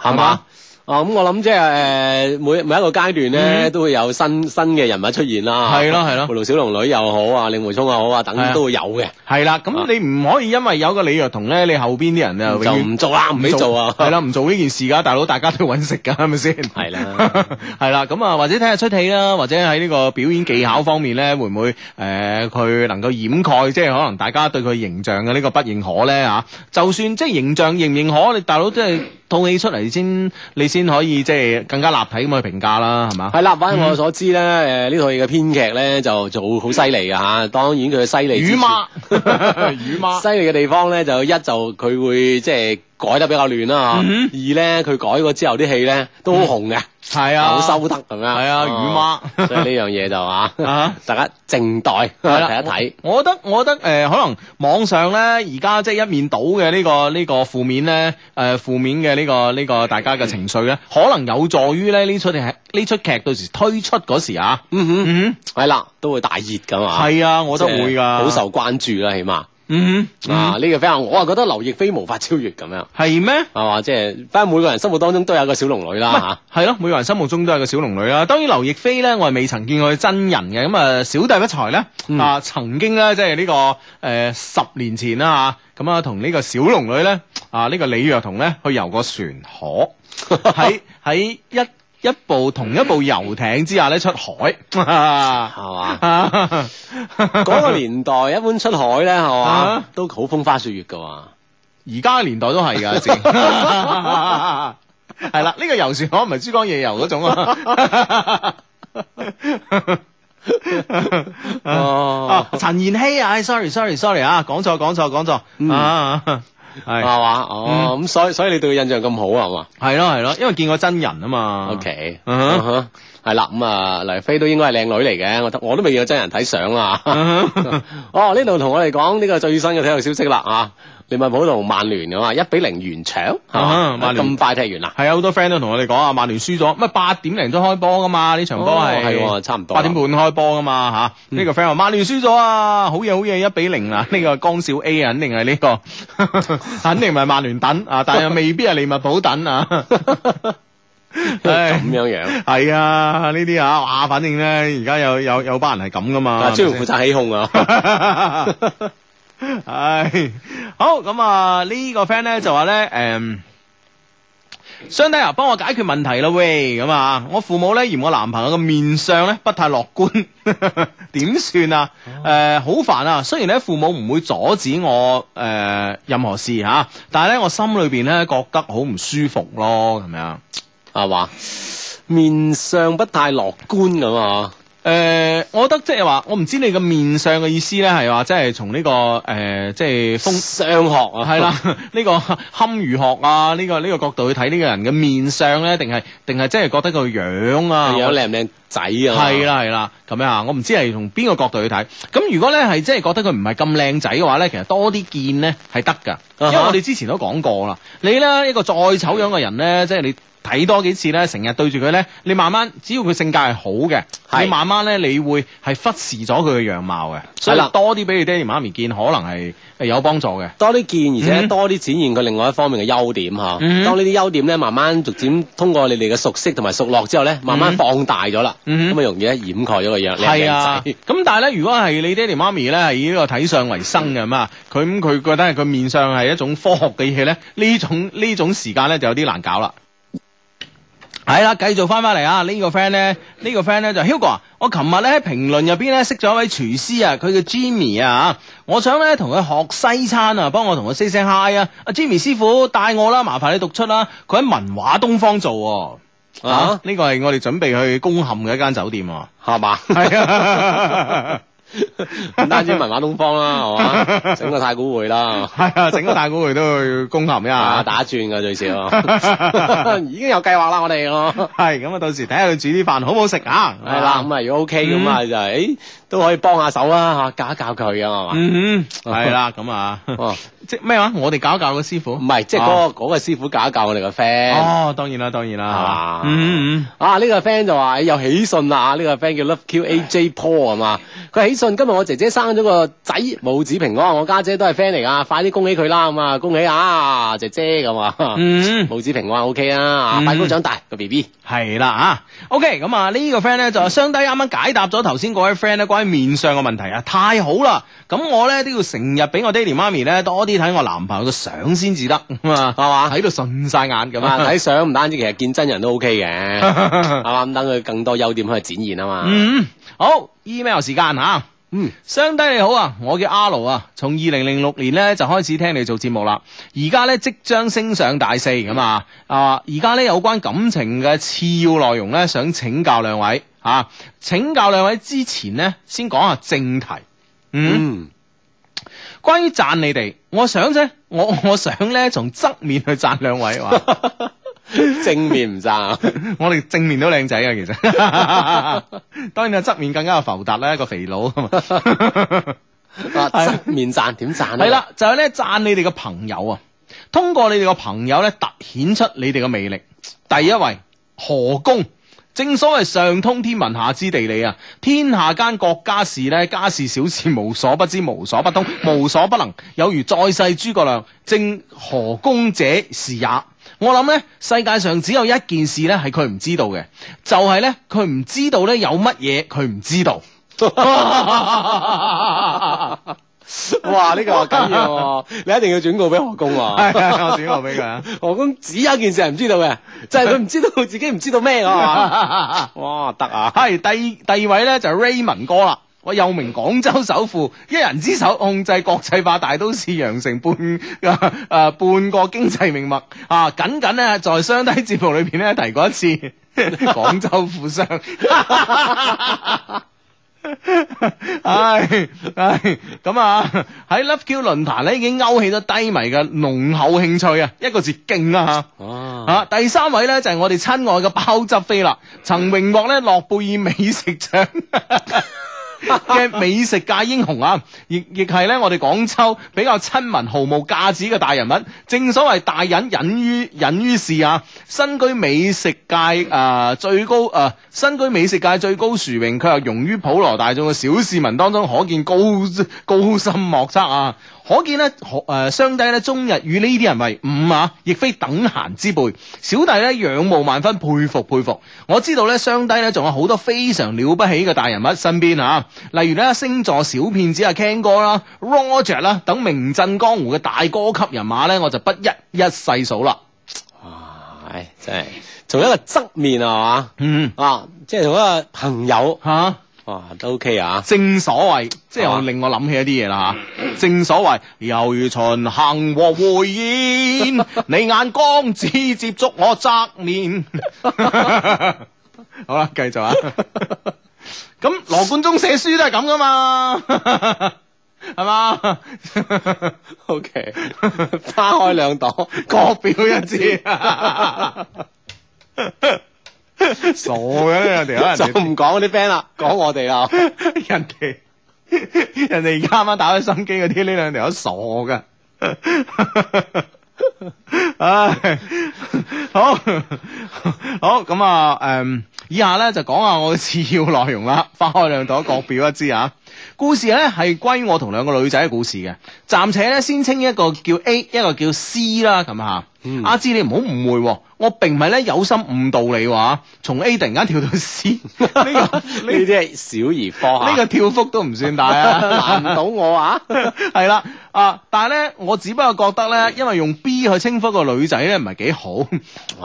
A: 係嘛？哦，咁我諗即係誒，每每一個階段咧都會有新新嘅人物出現啦。係咯，係咯，無論小龍女又好啊，令狐沖又好啊，等都會有嘅。係啦，咁你唔可以因為有個李若彤咧，你後邊啲人啊，就唔做啊，唔俾做啊。係啦，唔做呢件事噶，大佬大家都揾食噶，係咪先？係啦，係啦，咁啊，或者睇下出戲啦，或者喺呢個表演技巧方面咧，會唔會誒，佢能夠掩蓋即係可能大家對佢形象嘅呢個不認可咧吓？就算即係形象認唔認可，你大佬即係。套戲出嚟先，你先可以即係更加立體咁去評價啦，係嘛？係啦， 反正我所知咧，誒、呃、呢套嘢嘅編劇咧就就好犀利嘅吓。當然佢嘅犀利，馭魚馬，馭 馬。犀利嘅地方咧，就一就佢會即係。改得比較亂啦、啊、嚇，二咧佢改過之後啲戲咧都好紅嘅，係、嗯、啊，好收得咁樣，係、嗯、啊，雨媽， 所以呢樣嘢就是、啊，大家靜待睇、啊、一睇。我覺得我覺得誒，可能網上咧而家即係一面倒嘅呢、這個呢、這個負面咧誒、呃、負面嘅呢、這個呢、這個大家嘅情緒咧，可能有助於咧呢出嘅呢出劇到時推出嗰時啊，嗯哼嗯哼，係啦、啊，都會大熱噶嘛，係啊，我覺得會噶，好、啊、受關注啦，起碼。嗯，mm hmm. mm hmm. 啊，呢、這個飛啊，我啊覺得劉亦菲無法超越咁樣，係咩嗎？係嘛，即係，反正每個人心目當中都有個小龍女啦，吓是，係咯、啊，每個人心目中都有個小龍女啦。當然劉亦菲咧，我係未曾見過佢真人嘅，咁啊，小弟不才咧，mm hmm. 啊，曾經咧，即係呢、這個誒、呃、十年前啦，吓，咁啊，同呢個小龍女咧，啊，呢個、啊這個李若彤咧，去遊過船河，喺喺 一一部同一部遊艇之下咧出海，係嘛？嗰個年代一般出海咧係嘛都好風花雪月噶喎。而家年代都係㗎，係啦。呢個遊船可唔係珠江夜遊嗰種啊？哦，陳妍希啊，sorry sorry sorry，講錯講錯講錯啊！Mm. 係係嘛，哦，咁所以所以你對佢印象咁好啊，係嘛？係咯係咯，因為見過真人啊嘛。O K，嗯哼，係啦，咁啊，黎飛都應該係靚女嚟嘅，我我都未見過真人睇相啊，uh-huh, 哦，呢度同我哋講呢個最新嘅體育消息啦吓。利物浦同曼聯啊，一比零完場，咁快踢完啦？係啊，好多 friend 都同我哋講啊，曼聯輸咗。乜八點零鐘開波噶嘛？呢場波係差唔多八點半開波噶嘛？吓，呢個 friend 話曼聯輸咗，啊，好嘢好嘢，一比零啊！呢個江少 A 啊，肯定係呢個，肯定唔係曼聯等啊，但係又未必係利物浦等啊。咁樣樣係啊，呢啲啊，啊，反正咧，而家有有有班人係咁噶嘛，主要負責起哄啊。係好咁啊！這個、呢個 friend 咧就話咧，誒、嗯，兄弟啊，幫我解決問題啦喂！咁啊，我父母咧嫌我男朋友嘅面相咧不太樂觀，點 算啊？誒、呃，好煩啊！雖然咧父母唔會阻止我誒、呃、任何事吓、啊，但係咧我心裏邊咧覺得好唔舒服咯，咁樣係咪？面相不太樂觀咁啊！誒、呃，我覺得即係話，我唔知你個面相嘅意思咧，係話即係從呢、這個誒，即、呃、係、就是、風相學啊，係啦， 呢、這個堪輿學啊，呢、這個呢、這個角度去睇呢個人嘅面相咧，定係定係即係覺得佢樣啊，樣靚唔靚仔啊，係啦係啦咁樣啊，我唔知係從邊個角度去睇。咁如果咧係即係覺得佢唔係咁靚仔嘅話咧，其實多啲見咧係得㗎，因為我哋之前都講過啦，你咧一、這個再醜樣嘅人咧，即、就、係、是、你。睇多幾次咧，成日對住佢咧，你慢慢只要佢性格係好嘅，你是慢慢咧，你會係忽視咗佢嘅樣貌嘅，所以 So, 多啲俾你爹哋媽咪見，可能係誒有幫助嘅。多啲見，而且多啲展現佢另外一方面嘅優點，嚇、嗯哼。當呢啲優點咧，慢慢逐漸通過你哋嘅熟悉同埋熟絡之後咧，慢慢放大咗啦，咁咪、嗯、哼容易咧掩蓋咗個樣靚啊，咁但係咧，如果係你爹哋媽咪咧係以呢個睇相為生嘅咁啊，佢佢、嗯、覺得佢面上係一種科學嘅嘢咧，呢種呢種，種時間咧就有啲難搞啦。係啦， 繼續翻翻嚟啊！呢個、呢、呢個 friend 咧，就係、Hugo, 呢個 friend 咧就 Hugo 啊，我琴日咧喺評論入邊咧識咗一位廚師啊，佢叫 Jimmy 啊，我想咧同佢學西餐啊，幫我同佢 say 聲 hi 啊，阿 Jimmy 師傅帶我啦，麻煩你讀出啦、啊，佢喺文華東方做啊，呢個係我哋準備去攻陷嘅一間酒店，啊，係嘛？係啊。唔 單止文華東方啦，係嘛，整個太古匯啦，係 啊，整個太古匯都要攻陷一下，打轉噶最少， 已經有計劃啦，我哋係咁啊，到時睇下佢煮啲飯好唔好食啊，係、hmm. 啦、欸，咁啊如果 OK 咁啊就誒都可以幫下手啊吓，教一教佢、mm hmm. 啊，係嘛，嗯嗯，係啦，咁啊。即咩話、啊？我哋教一教個師傅，唔係即係個個師傅教一教我哋個 friend。哦，當然啦，當然啦，
C: 係
A: 嘛吧、嗯？嗯嗯。啊，呢、呢個 friend 就話又喜訊啦！呢、呢個 friend 叫 Love Q A J Paul 啊嘛唉？佢喜訊今日我姐姐生咗個仔，母子平安。我家姐都係 friend 嚟啊，快啲恭喜佢啦，咁啊恭喜啊姐姐咁啊。嗯，母子平安，O K 啊快、嗯啊、高長大、個 B B。係啦，吓，O K。咁、okay，啊、這個、呢個 friend 咧就相低啱啱解答咗頭先嗰位 friend 咧關於面相嘅問題啊，太好啦！咁我咧都要成日俾我爹哋媽咪咧多啲。睇我男朋友嘅相先至、嗯、吧得，係嘛？喺度順晒眼咁啊！睇相唔單止，其實見真人都 O K 嘅，啱啱咁等佢更多優點去展現嘛、嗯、啊嘛！嗯，好 email 時間吓，嗯，雙低你好啊，我叫阿盧啊，從二零零六年咧就開始聽你做節目啦，而家咧即將升上大四咁啊，啊，而家咧有關感情嘅次要內容咧，想請教兩位吓、啊，請教兩位之前咧先講下正題，嗯。嗯關於讚你哋，我想啫，我我想咧從側面去讚兩位，哇！ 正面唔讚，我哋正面都靚仔嘅其實， 當然啊側面更加有浮達一個肥佬 啊嘛，側面讚點讚？係啦， 就係咧讚你哋嘅朋友啊，通過你哋嘅朋友咧凸顯出你哋嘅魅力。第一位，何工。正所謂上通天文下知地理啊，天下間國家事呢家事小事無所不知、無所不通、無所不能，有如再世諸葛亮。正何公者是也。我諗呢，世界上只有一件事呢係佢唔知道嘅，就係呢，佢唔知道呢有乜嘢佢唔知道。 哇！呢、這個咁樣、啊， 你一定要轉告俾何工喎。係， 我轉告俾佢。何工只有一件事係唔知道嘅，就係佢唔知道自己唔知道咩、啊。 哇！得啊，係第二第二位咧就係、是、Raymond 哥啦。我又名廣州首富，一人之手控制國際化大都市羊城半誒、啊、半個經濟命脈啊！僅僅呢，在雙低節目裏邊呢，提過一次，廣州富商。 唉唉，咁、 哎哎、啊喺 Love Q 論壇咧已經勾起咗低迷嘅濃厚興趣啊，一個字勁啊吓吓、啊，第三位咧就係、是、我哋親愛嘅包汁飛啦，曾榮獲咧諾貝爾美食獎。 嘅 美食界英雄啊，亦亦係咧，我哋廣州比較親民、毫無架子嘅大人物。正所謂大隱隱於隱於市啊，身居美食界啊、呃、最高啊，呃、身居美食界最高殊榮，佢又融於普羅大眾嘅小市民當中，可見高高深莫測啊！可見咧，誒，雙弟咧，終日與呢啲人為伍啊，亦非等閒之輩。小弟咧，仰慕萬分，佩服佩服。我知道咧，雙弟咧，仲有好多非常了不起嘅大人物身邊啊，例如咧，星座小騙子啊，Ken 哥啦，Roger 啦，等名震江湖嘅大哥級人馬咧，我就不一一細數啦。哇，真係從一個側面啊嘛，嗯啊，即係做一個朋友嚇。啊啊，都 OK 啊！正所謂，即係又令我諗起一啲嘢啦吓。正所謂，猶如巡行和回演， 你眼光只接觸我側面。 好啦，繼續啊！咁羅貫中寫書都係咁噶嘛，係嘛？OK，花開兩朵，各表一枝傻嘅呢， 兩條友就唔講啲 friend 啦，講我哋啊！人哋人哋而家啱啱打開心機嗰啲，呢兩條友都傻嘅。唉，好好咁啊！誒，以下咧就講下我嘅次要內容啦。翻開兩朵，各表一枝啊， 故事咧係關於我同兩個女仔嘅故事嘅。暫且咧先稱一個叫 A，一個叫 C 啦，咁、嗯、啊。阿芝你唔好誤會、啊。我並唔係咧有心誤導你話，從 A 突然間跳到 C，呢個呢啲係小兒科，啊。呢 個跳幅都唔算大啊，難唔到我啊。係啦，啊，但係咧，我只不過覺得咧，因為用 B 去稱呼個女仔咧，唔係幾好。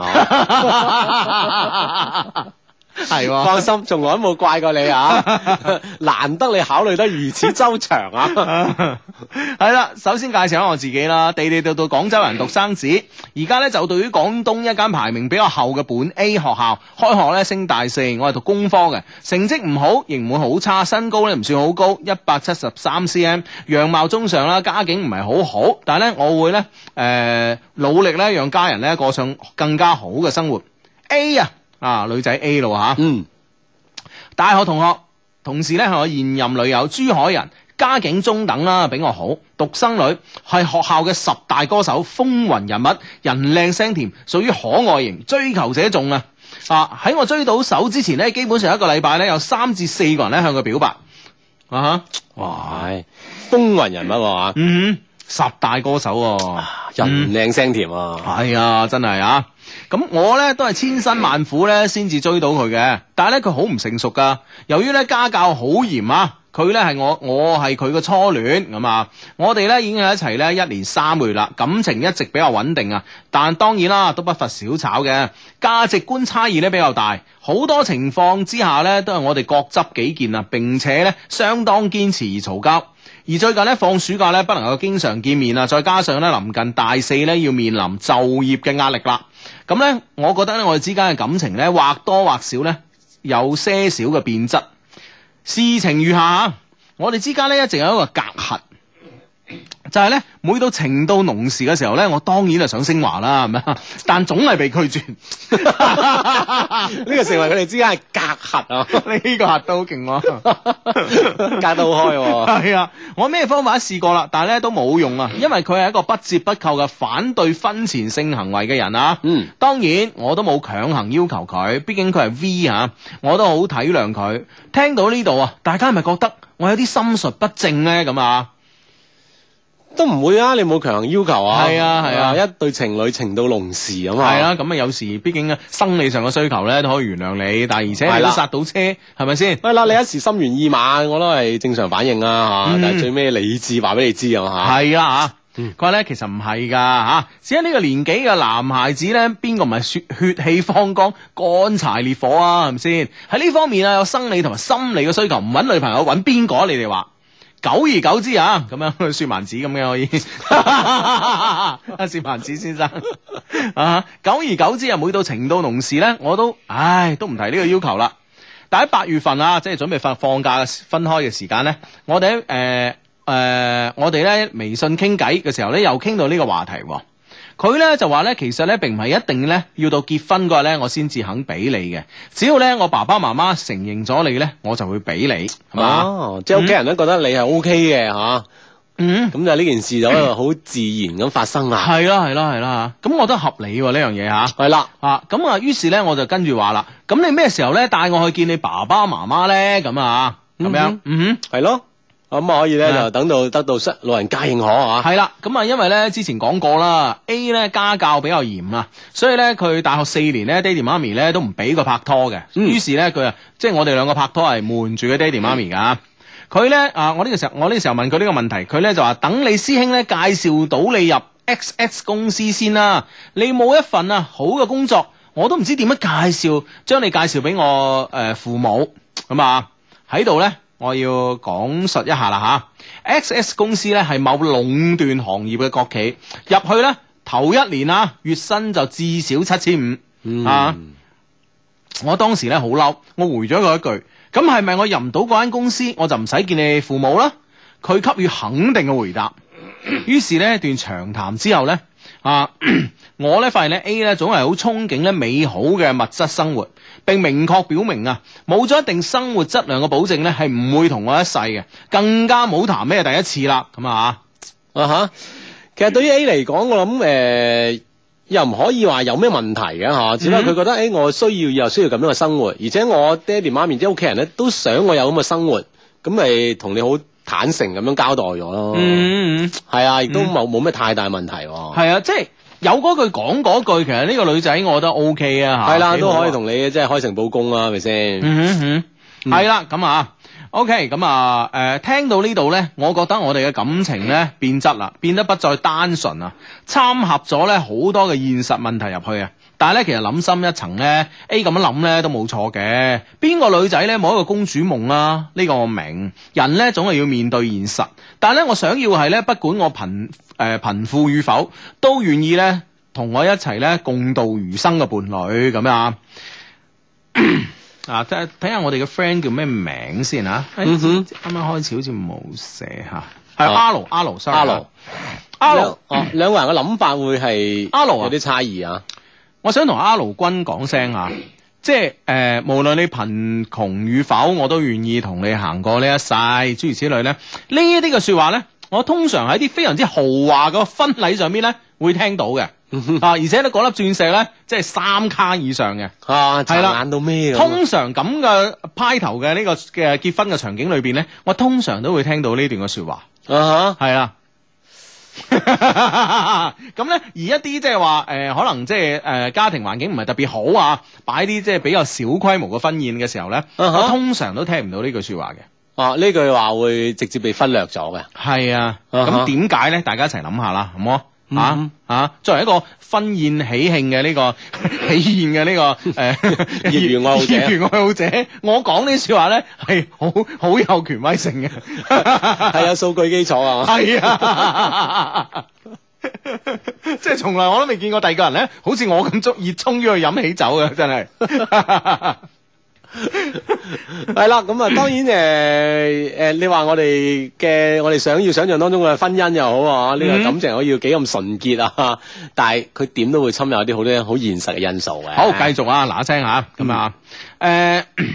A: 啊 係是放心，從來都冇怪過你啊！ 難得你考慮得如此周詳啊！係 啦， 首先介紹下我自己啦，地地道道廣州人，獨生子。而家呢，就對於廣東一間排名比較後嘅本 A 學校，開學呢升大四，我係讀工科嘅，成績唔好，仍唔會好差，身高呢唔算好高，一百七十三 cm，樣貌中上啦，家境唔係好好，但係咧我會呢，誒、呃、努力呢，讓家人呢過上更加好嘅生活。A 啊！啊，女仔 A 路吓，啊、嗯，大學同學，同時咧係我現任女友，珠海人，家境中等啦，比我好，獨生女，係學校嘅十大歌手，風雲人物，人靚聲甜，屬於可愛型，追求者眾啊，啊喺我追到手之前咧，基本上一個禮拜咧有三至四個人咧向佢表白，啊吓，哇，風雲人物啊，嗯。嗯哼十大歌手，啊，人靚聲甜啊！嗯、哎呀，真係啊！咁我呢，都係千辛萬苦呢先至追到佢嘅，但係呢，佢好唔成熟㗎。由於呢家教好嚴啊，佢呢係我我係佢嘅初戀咁啊！我哋呢已經喺一齊呢一年三個月啦，感情一直比較穩定啊。但係當然啦，都不乏小吵嘅，價值觀差異呢比較大，好多情況之下呢，都係我哋各執己見啊，並且呢相當堅持而嘈交。而最近咧放暑假咧不能夠經常見面啦，再加上咧臨近大四咧要面臨就業嘅壓力啦，咁咧我覺得咧我哋之間嘅感情咧或多或少咧有些少嘅變質。事情如下，我哋之間咧一直有一個隔閡。就係咧，每到情到濃時嘅時候咧，我當然係想升華啦，係咪？但總係被拒絕，呢個成為佢哋之間係隔閡啊。呢、這個核都好勁、啊，隔得好開、啊。係 啊，我咩方法試過啦，但係咧都冇用啊，因為佢係一個不折不扣嘅反對婚前性行為嘅人啊。嗯，當然我都冇強行要求佢，畢竟佢係 V 啊，我都好體諒佢。聽到呢度啊，大家係咪覺得我有啲心術不正咧？咁啊？都唔會啊，你冇強行要求啊，係啊係啊，啊一對情侶情到濃時咁啊，係啊，咁啊有時畢竟啊生理上嘅需求咧都可以原諒你，但係而且你都剎到車，係咪先？喂啦吧、啊，你一時心猿意馬，我都係正常反應啊吓，嗯、但係最尾理智話俾你知啊吓，係啦吓，佢話、嗯、咧其實唔係噶吓，只因呢個年紀嘅男孩子咧，邊個唔係血血氣方剛、乾柴烈火啊係咪先？喺呢方面啊，有生理同埋心理嘅需求，唔揾女朋友揾邊個？你哋話？久而久之啊，咁樣薛蠻子咁嘅可以，薛蠻 子先生啊，久而久之啊，每到情到濃時咧，我都唉都唔提呢個要求啦。但喺八月份啊，即係準備放放假分開嘅時間咧，我哋喺誒誒，我哋咧微信傾偈嘅時候咧，又傾到呢個話題啊。佢咧就話咧，其實咧並唔係一定咧要，要到結婚嗰日咧，我先至肯俾你嘅。只要咧我爸爸媽媽承認咗你咧，我就會俾你，係嘛？啊，即係屋企人都覺得你係 O K 嘅吓，嗯哼，咁就呢件事就好自然咁發生啦。係啦係啦係啦吓，咁我覺得合理呢樣嘢吓。係啦啊，咁啊，於是咧我就跟住話啦，咁你咩時候咧帶我去見你爸爸媽媽咧？咁啊，咁樣，嗯哼，係咯。嗯哼咁可以咧，的就等到得到新老人家認可啊。係啦，咁啊，因為咧之前講過啦，A 咧家教比較嚴啊，所以咧佢大學四年咧，爹哋媽咪咧都唔俾佢拍拖嘅。於是咧，佢啊，即係我哋兩個拍拖係瞞住佢爹哋媽咪噶。佢咧啊，我呢個時候，我呢個時候問佢呢個問題，佢咧就話等你師兄咧介紹到你入 X X 公司先啦、啊。你冇一份啊好嘅工作，我都唔知點樣介紹，將你介紹俾我誒、呃、父母咁啊喺度咧。我要講述一下啦吓、啊，XS 公司咧係某壟斷行業嘅國企，入去咧頭一年啊，月薪就至少七千五、嗯、啊！我當時咧好嬲，我回咗佢一句：「咁係咪我入唔到嗰間公司，我就唔使見你父母啦？」佢給予肯定嘅回答，於是呢段長談之後呢。啊！我咧發現咧 A 咧總係好憧憬咧美好嘅物質生活，並明確表明啊，冇咗一定生活質量嘅保證咧，係唔會同我一世嘅，更加冇談咩第一次啦。咁啊吓、啊，其實對於 A 嚟講，我諗誒、呃，又唔可以話有咩問題嘅吓、啊，只不過佢覺得誒、嗯哎，我需要又需要咁樣嘅生活，而且我爹哋媽咪啲屋企人咧都想我有咁嘅生活，咁咪同你好。坦誠咁樣交代咗咯，係、嗯嗯、啊，亦都冇冇咩太大問題喎。係、嗯、啊，即係有嗰句講嗰句，其實呢個女仔，我覺得 OK 啊，係啦、啊，啊啊、都可以同你即係開誠布公啦、啊，係咪先？嗯嗯，係啦，咁啊，OK，咁啊，誒，聽到呢度咧，我覺得我哋嘅感情咧變質啦，變得不再單純啊，參合咗咧好多嘅現實問題入去啊。但係咧，其實諗深一層咧，A 咁樣諗咧都冇錯嘅。邊個女仔咧冇一個公主夢啦、啊？呢、呢個我明。人咧總係要面對現實。但係咧，我想要係咧，不管我貧誒貧富與否，都願意咧同我一齊咧共度餘生嘅伴侶咁樣啊。咳咳啊，睇睇下我哋嘅 friend 叫咩名先啊？啱啱，嗯嗯、開始好似冇寫吓，係阿羅阿羅阿羅阿羅哦，兩個人嘅諗法會係有啲差異啊。我想同阿盧君講聲啊，即係誒、呃，無論你貧窮與否，我都願意同你行過呢一世，諸如此類咧。呢一啲嘅說話咧，我通常喺啲非常之豪華嘅婚禮上邊咧會聽到嘅 啊，而且咧嗰粒鑽石咧即係三卡以上嘅啊，係 啦，眼到咩？通常咁嘅派頭嘅呢個嘅結婚嘅場景裏邊咧，我通常都會聽到呢段嘅說話啊，係啦。咁 呢，而一啲即係話誒，可能即係誒家庭環境唔係特別好啊，擺啲即係比較小規模嘅婚宴嘅時候呢，uh huh. 我通常都聽唔到呢句説話嘅。Uh huh. 啊，呢句話會直接被忽略咗嘅。係啊，咁點解呢？大家一齊諗下啦，好冇？嗯、啊啊！作為一個婚宴喜慶嘅呢個喜宴嘅呢個誒業餘愛好者，業餘 愛好者， 我講呢啲說話咧，係好好有權威性嘅，係 有數據基礎啊嘛。係啊，即係從來我都未見過第二個人咧，好似我咁中熱衷於去飲喜酒嘅，真係。 係啦，咁啊， 當然誒誒、呃呃，你話我哋嘅我哋想要想象當中嘅婚姻又好啊，呢、嗯、哼個感情可以要幾咁純潔啊，但係佢點都會侵入一啲好多好現實嘅因素嘅、啊。好，繼續啊，嗱，聽下咁啊，誒誒、啊，咁、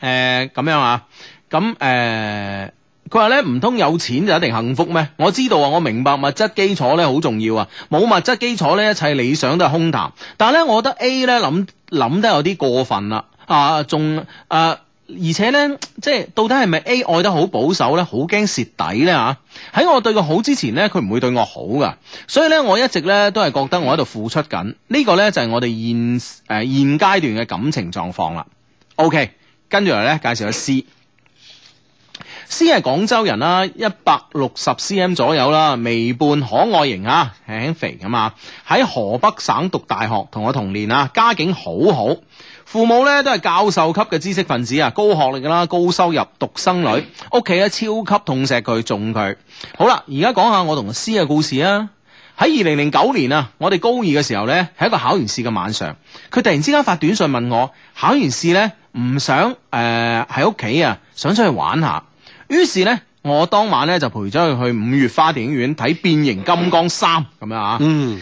A: 嗯呃呃、樣啊，咁誒。呃佢話咧，唔通有錢就一定幸福咩？我知道啊，我明白物質基礎咧好重要啊，冇物質基礎咧，一切理想都係空談。但係咧，我覺得 A 咧諗諗得有啲過分啦啊！仲啊，而且咧，即係到底係咪 A 愛得好保守咧，好驚蝕底咧嚇？喺我對佢好之前咧，佢唔會對我好噶。所以咧，我一直咧都係覺得我喺度付出緊。呢個咧就係我哋現誒現階段嘅感情狀況啦。OK，跟住嚟咧介紹下 C。C 係廣州人啦，一百六十 cm 左右啦，微胖可愛型啊，輕肥噶嘛。喺河北省讀大學，同我同年啊，家境好好，父母咧都係教授級嘅知識分子啊，高學歷噶啦，高收入，獨生女，屋企咧超級痛錫佢，重佢。好啦，而家講下我同 C 嘅故事啊。喺二零零九年啊，我哋高二嘅時候咧，喺一個考完試嘅晚上，佢突然之間發短信問我，考完試咧唔想誒喺屋企啊，想出去玩下。於是咧，我當晚咧就陪咗佢去五月花電影院睇《變形金剛三》咁樣啊。嗯，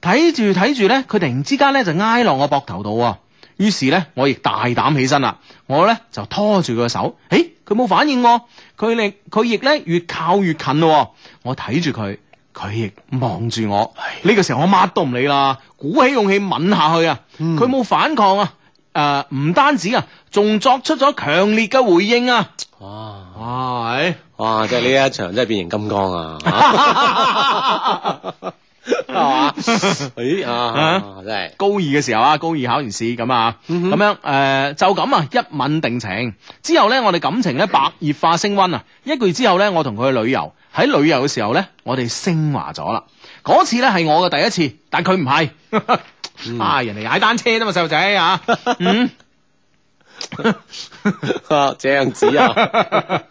A: 睇住睇住咧，佢突然之間咧就挨落我膊頭度啊。於是咧，我亦大膽起身啦，我咧就拖住佢嘅手。誒，佢冇反應，佢力佢亦咧越靠越近咯。我睇住佢，佢亦望住我。呢唉個時候我乜都唔理啦，鼓起勇氣吻下去啊。佢冇、嗯、反抗啊，誒、呃，唔單止啊，仲作出咗強烈嘅回應啊。啊，係，哇！即係呢一場真，真係變形金剛啊，係嘛、 啊？誒啊，真係高二嘅時候啊，高二考完試咁啊，咁樣誒、嗯哼呃，就咁啊，一吻定情之後咧，我哋感情咧白熱化升温啊！一個月之後咧，我同佢去旅遊，喺旅遊嘅時候咧，我哋升華咗啦。嗰次咧係我嘅第一次，但佢唔係，哈哈嗯、啊，人哋踩單車啫嘛，細路仔啊，嗯。 啊， 這樣子啊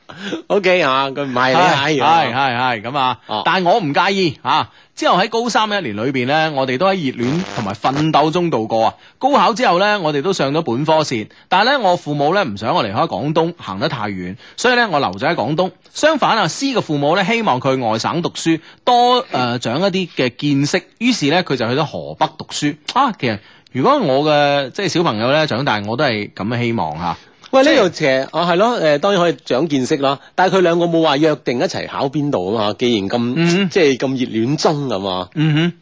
A: ，O、okay, K 啊，佢唔係咧，係係係咁啊，啊啊啊啊啊但係我唔介意吓、啊。之後喺高三一年裏邊咧，我哋都喺熱戀同埋奮鬥中度過啊。高考之後咧，我哋都上咗本科線，但係咧，我父母咧唔想我離開廣東行得太遠，所以咧我留咗喺廣東。相反啊，C 嘅父母咧希望佢外省讀書，多誒長、呃、一啲嘅見識，於是咧佢就去咗河北讀書啊。其實。如果我嘅即係小朋友咧長大，我都係咁嘅希望吓。啊、喂，呢度嘢，我係咯，誒、啊呃，當然可以長見識咯。但係佢兩個冇話約定一齊考邊度啊嘛。既然咁、嗯、即係咁熱戀中啊嘛。嗯哼。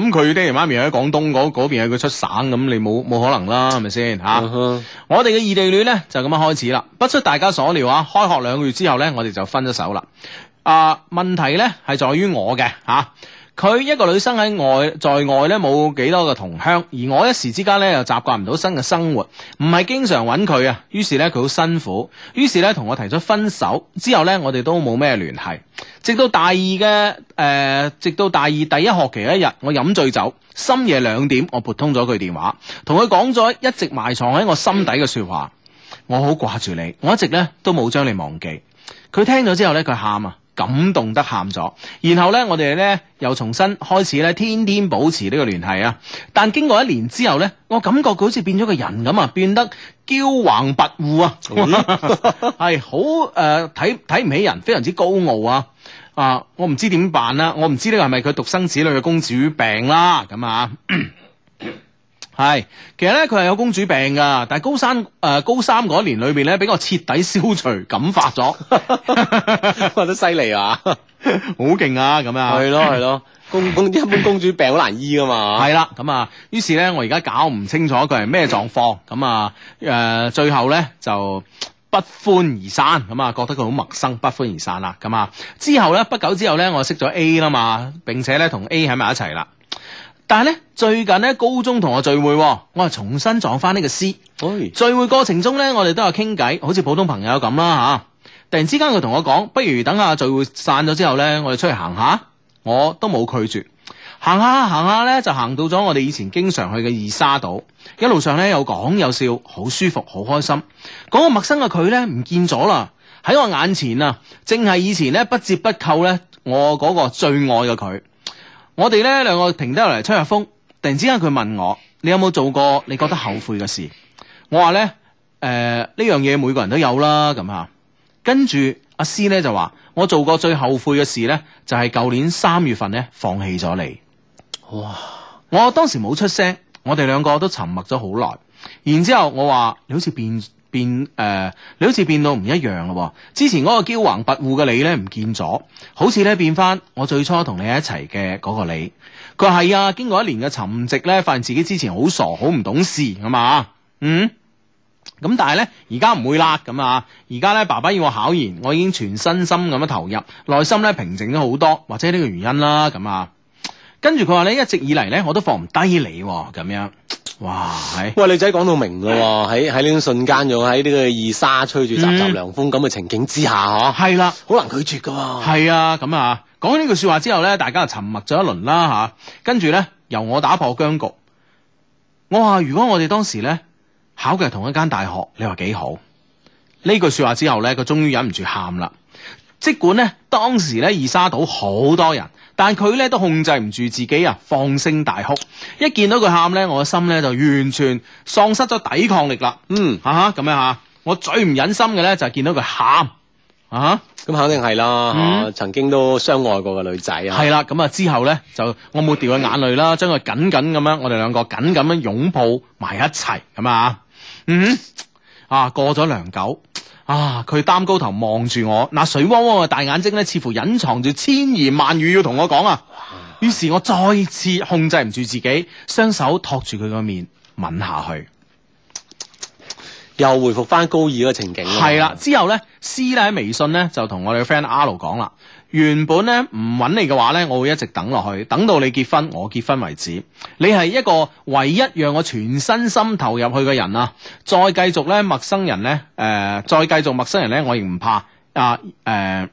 A: 咁佢爹哋媽咪喺廣東嗰嗰邊，佢出省咁，你冇冇可能啦？係咪先吓？啊嗯、哼我哋嘅異地戀咧就咁樣開始啦。不出大家所料啊，開學兩個月之後咧，我哋就分咗手啦。啊，問題咧係在於我嘅吓。啊佢一個女生喺外，在外咧冇幾多個同鄉，而我一時之間咧又習慣唔到新嘅生活，唔係經常揾佢啊。於是咧佢好辛苦，於是咧同我提出分手。之後咧我哋都冇咩聯繫，直到大二嘅誒、呃，直到大二第一學期一日，我飲醉酒，深夜兩點，我撥通咗佢電話，同佢講咗一直埋藏喺我心底嘅說話，我好掛住你，我一直咧都冇將你忘記。佢聽咗之後咧，佢喊啊！感動得喊咗，然後呢，我哋呢又重新開始呢，天天保持呢個聯繫啊！但經過一年之後呢，我感覺佢好似變咗個人咁啊，變得驕橫跋扈啊，係好誒睇睇唔起人，非常之高傲啊！呃、啊，我唔知點辦啦，我唔知呢個係咪佢獨生子女嘅公主病啦咁啊！係，其實咧佢係有公主病噶，但係高三誒、呃、高三嗰一年裏面咧，俾我徹底消除感化咗，覺得犀利啊，好勁啊，咁啊，係咯係咯，公公一般公主病好難醫噶嘛，係啦， 咁啊，於是咧我而家搞唔清楚佢係咩狀況，咁啊誒最後咧就不歡而散，咁啊覺得佢好陌生，不歡而散啦，咁啊之後咧不久之後咧我識咗 A 啦嘛，並且咧同 A 喺埋一齊啦。但係咧，最近咧，高中同學聚會，我又重新撞翻呢個詩。喂聚會過程中咧，我哋都有傾偈，好似普通朋友咁啦吓。突然之間，佢同我講：不如等下聚會散咗之後咧，我哋出去行下。我都冇拒絕，行下行下咧，就行到咗我哋以前經常去嘅二沙島。一路上咧，有講有笑，好舒服，好開心。嗰個陌生嘅佢咧，唔見咗啦。喺我眼前啊，正係以前咧不折不扣咧，我嗰個最愛嘅佢。我哋咧兩個停低落嚟吹下風，突然之間佢問我：你有冇做過你覺得後悔嘅事？我話咧：誒、呃，呢樣嘢每個人都有啦。咁吓，跟住阿詩咧就話：我做過最後悔嘅事咧，就係、是、舊年三月份咧放棄咗你。哇！我當時冇出聲，我哋兩個都沉默咗好耐。然之後我話：你好似變。變誒、呃，你好似變到唔一樣咯、哦，之前嗰個驕橫跋扈嘅你呢，唔見咗，好似呢變翻我最初同你一齊嘅嗰個你。佢係啊，經過一年嘅沉寂呢，發現自己之前好傻好唔懂事，係嘛，嗯。咁但係呢，而家唔會啦，咁啊，而家呢，爸爸要我考研，我已經全身心咁樣投入，內心呢，平靜咗好多，或者呢個原因啦，咁啊。跟住佢話呢，一直以嚟呢，我都放唔低你咁樣。哇，係喂，女仔講到明噶喎，喺喺呢種瞬間又喺呢個二沙吹住習習涼風咁嘅情景之下，嗬、嗯，係啦，好難拒絕噶，係啊，咁啊，講呢、啊、句說話之後咧，大家就沉默咗一輪啦，吓、啊，跟住咧由我打破僵局，我話如果我哋當時咧考嘅係同一間大學，你話幾好？呢句說話之後咧，佢終於忍唔住喊啦。即管咧，當時咧二沙島好多人，但佢咧都控制唔住自己啊，放聲大哭。一見到佢喊咧，我嘅心咧就完全喪失咗抵抗力啦。嗯，吓、啊，嚇咁樣吓，我最唔忍心嘅咧就係見到佢喊啊。咁、嗯、肯定係啦、啊，曾經都相愛過嘅女仔啊。係、嗯、啦，咁啊之後咧就我抹掉佢眼淚啦，將佢緊緊咁樣，我哋兩個緊緊咁樣擁抱埋一齊咁啊。嗯，啊過咗良久。啊！佢擔高頭望住我，嗱水汪汪嘅大眼睛咧，似乎隱藏住千言萬語要同我講啊。於哇是我再次控制唔住自己，雙手托住佢個面吻下去，又回復翻高二嘅情景，啊。係啦，之後咧，C 咧喺微信咧就同我哋嘅 friend 阿盧講啦。原本咧唔揾你嘅話咧，我會一直等落去，等到你結婚，我結婚為止。你係一個唯一讓我全身心投入去嘅人啊！再繼續咧，陌生人咧，誒，再繼續陌生人咧、呃，我亦唔怕啊！誒、呃呃，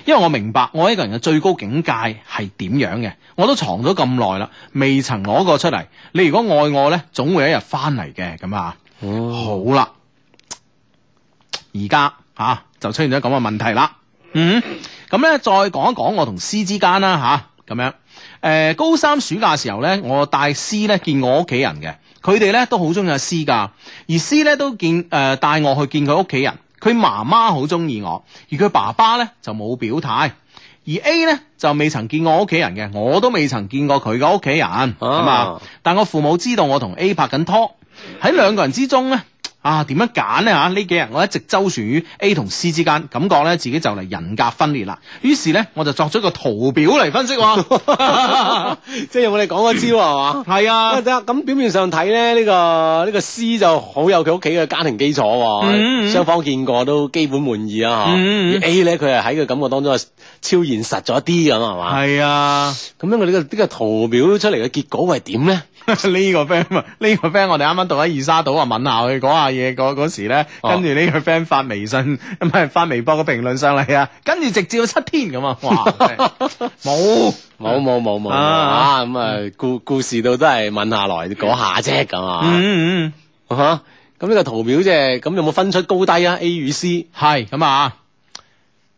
A: 因為我明白我一個人嘅最高境界係點樣嘅，我都藏咗咁耐啦，未曾攞過出嚟。你如果愛我咧，總會有一日翻嚟嘅咁啊！好啦，而家吓就出現咗咁嘅問題啦，嗯。咁咧，再講一講我同 C 之間啦，吓、啊、咁樣。誒、呃，高三暑假嘅時候咧，我帶 C 咧見我屋企人嘅，佢哋咧都好中意阿 C 噶，而 C 咧都見誒帶、呃、我去見佢屋企人，佢媽媽好中意我，而佢爸爸咧就冇表態，而 A 咧就未曾見過我屋企人嘅，我都未曾見過佢嘅屋企人，咁啊，但我父母知道我同 A 拍緊拖，喺兩個人之中咧。啊，點樣揀咧吓？呢、啊、幾日我一直周旋於 A 同 C 之間，感覺咧自己就嚟人格分裂啦。於是咧，我就作咗個圖表嚟分析。即係我哋講個招係嘛？係 吧啊，咁表面上睇咧，呢、這個呢、這個 C 就好有佢屋企嘅家庭基礎、啊，雙、嗯嗯、方見過都基本滿意啊。嗬、嗯嗯，A 咧佢係喺個感覺當中係超現實咗啲咁係嘛？係啊，咁樣我呢個呢、這個圖表出嚟嘅結果係點咧？呢 個 friend 啊，呢、這個 friend 我哋啱啱到喺二沙島啊，問下佢講下嘢嗰嗰時咧，哦、跟住呢個 friend 發微信咁係發微博個評論上嚟啊，跟住直接七天咁啊，冇冇冇冇冇啊咁啊故故事到都係問下來嗰下啫咁啊，嗯，嗯，吓咁呢個圖表啫，咁有冇分出高低啊？A 與 C 係咁啊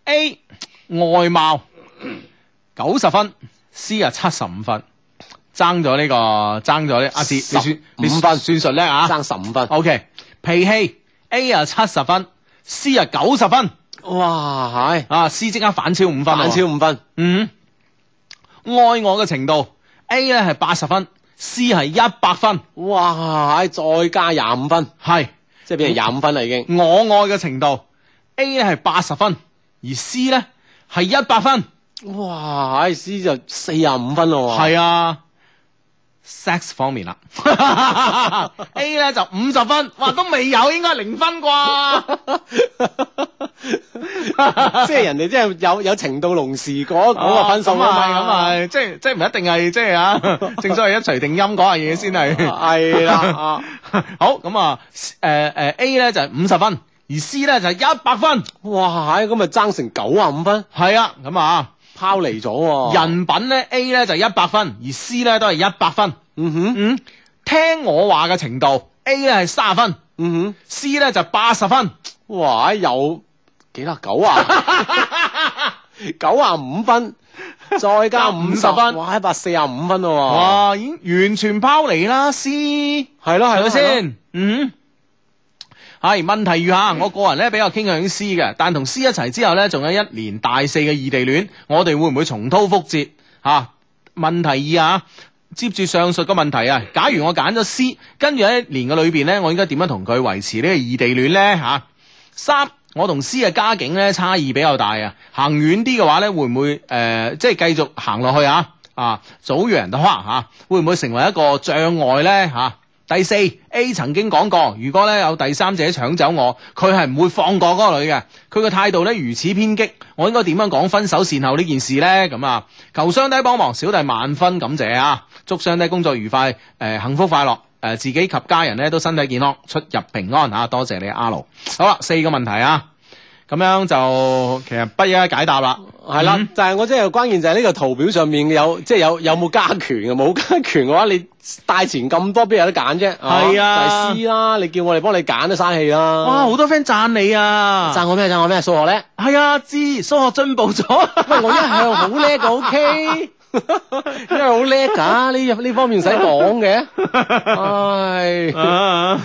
A: ，A 外貌九十分，C 啊七十五分，爭咗呢個爭咗呢，阿 C 五分算數叻啊，爭十五分，O K。Okay. 脾氣 A 啊七十分，C 啊九十分，分哇係啊 C 即刻反超五分，分，反超五分。嗯，愛我嘅程度 A 咧係八十分，C 係一百分，分哇係再加廿五分，係是即係變咗廿五分啦已經。我愛嘅程度 A 咧係八十分，而 C 咧係一百分，哇係、哎、C 就四廿五分咯。係啊。sex 方面啦，A 咧就五十分，哇都未有，應該零分啩， 即係人哋即係有有情到濃時嗰、那、嗰、個啊、個分數嘛，咁係、啊，即係即係唔一定係即係啊， 正所謂一錘定音嗰 樣嘢先係，係啦，好咁啊，誒誒、呃呃、A 咧就係五十分，而 C 咧就係一百分，哇，咁啊爭成九啊五分，係啊，咁啊。拋離咗，人品咧 A 咧就一百分，而 C 咧都係一百分。嗯哼，嗯，聽我話嘅程度 A 咧係三十分，嗯哼，C 咧就八十分。哇，又幾多九啊？九啊五分，再加五十分，哇，一百四啊五分咯。哇，已經完全拋離啦。C 係咯係咯先，嗯。係問題如下，我個人咧比較傾向於 C 嘅，但同 C 一齊之後咧，仲有一年大四嘅異地戀，我哋會唔會重蹈覆轍吓、啊？問題二啊，接住上述個問題啊，假如我揀咗 C，跟住喺一年嘅裏邊咧，我應該點樣同佢維持個異呢個異地戀咧吓？三，我同 C 嘅家境咧差異比較大啊，行遠啲嘅話咧，會唔會誒，即係繼續行落去啊？啊，早陽都黑吓，會唔會成為一個障礙咧吓？啊第四 A 曾經講過，如果咧有第三者搶走我，佢係唔會放過嗰個女嘅。佢個態度咧如此偏激，我應該點樣講分手善後呢件事呢？咁啊，求雙低幫忙，小弟萬分感謝啊！祝雙低工作愉快，誒、呃、幸福快樂，誒、呃、自己及家人咧都身體健康，出入平安嚇、啊。多謝你，阿盧。好啦，四個問題啊，咁樣就其實不一一解答啦。係啦，就係我即係關鍵就係呢個圖表上面有，即係有有冇加權嘅？冇加權嘅話，你帶錢咁多，邊有得揀啫？係啊，啊，就係 C 啦，你叫我嚟幫你揀都生氣啦。哇，好多 friend 讚你啊！讚我咩？讚我咩？數學咧？係 啊，知，數學進步咗。喂 我一向好叻嘅，OK。 因為好叻噶，呢呢方面使講嘅，唉、哎，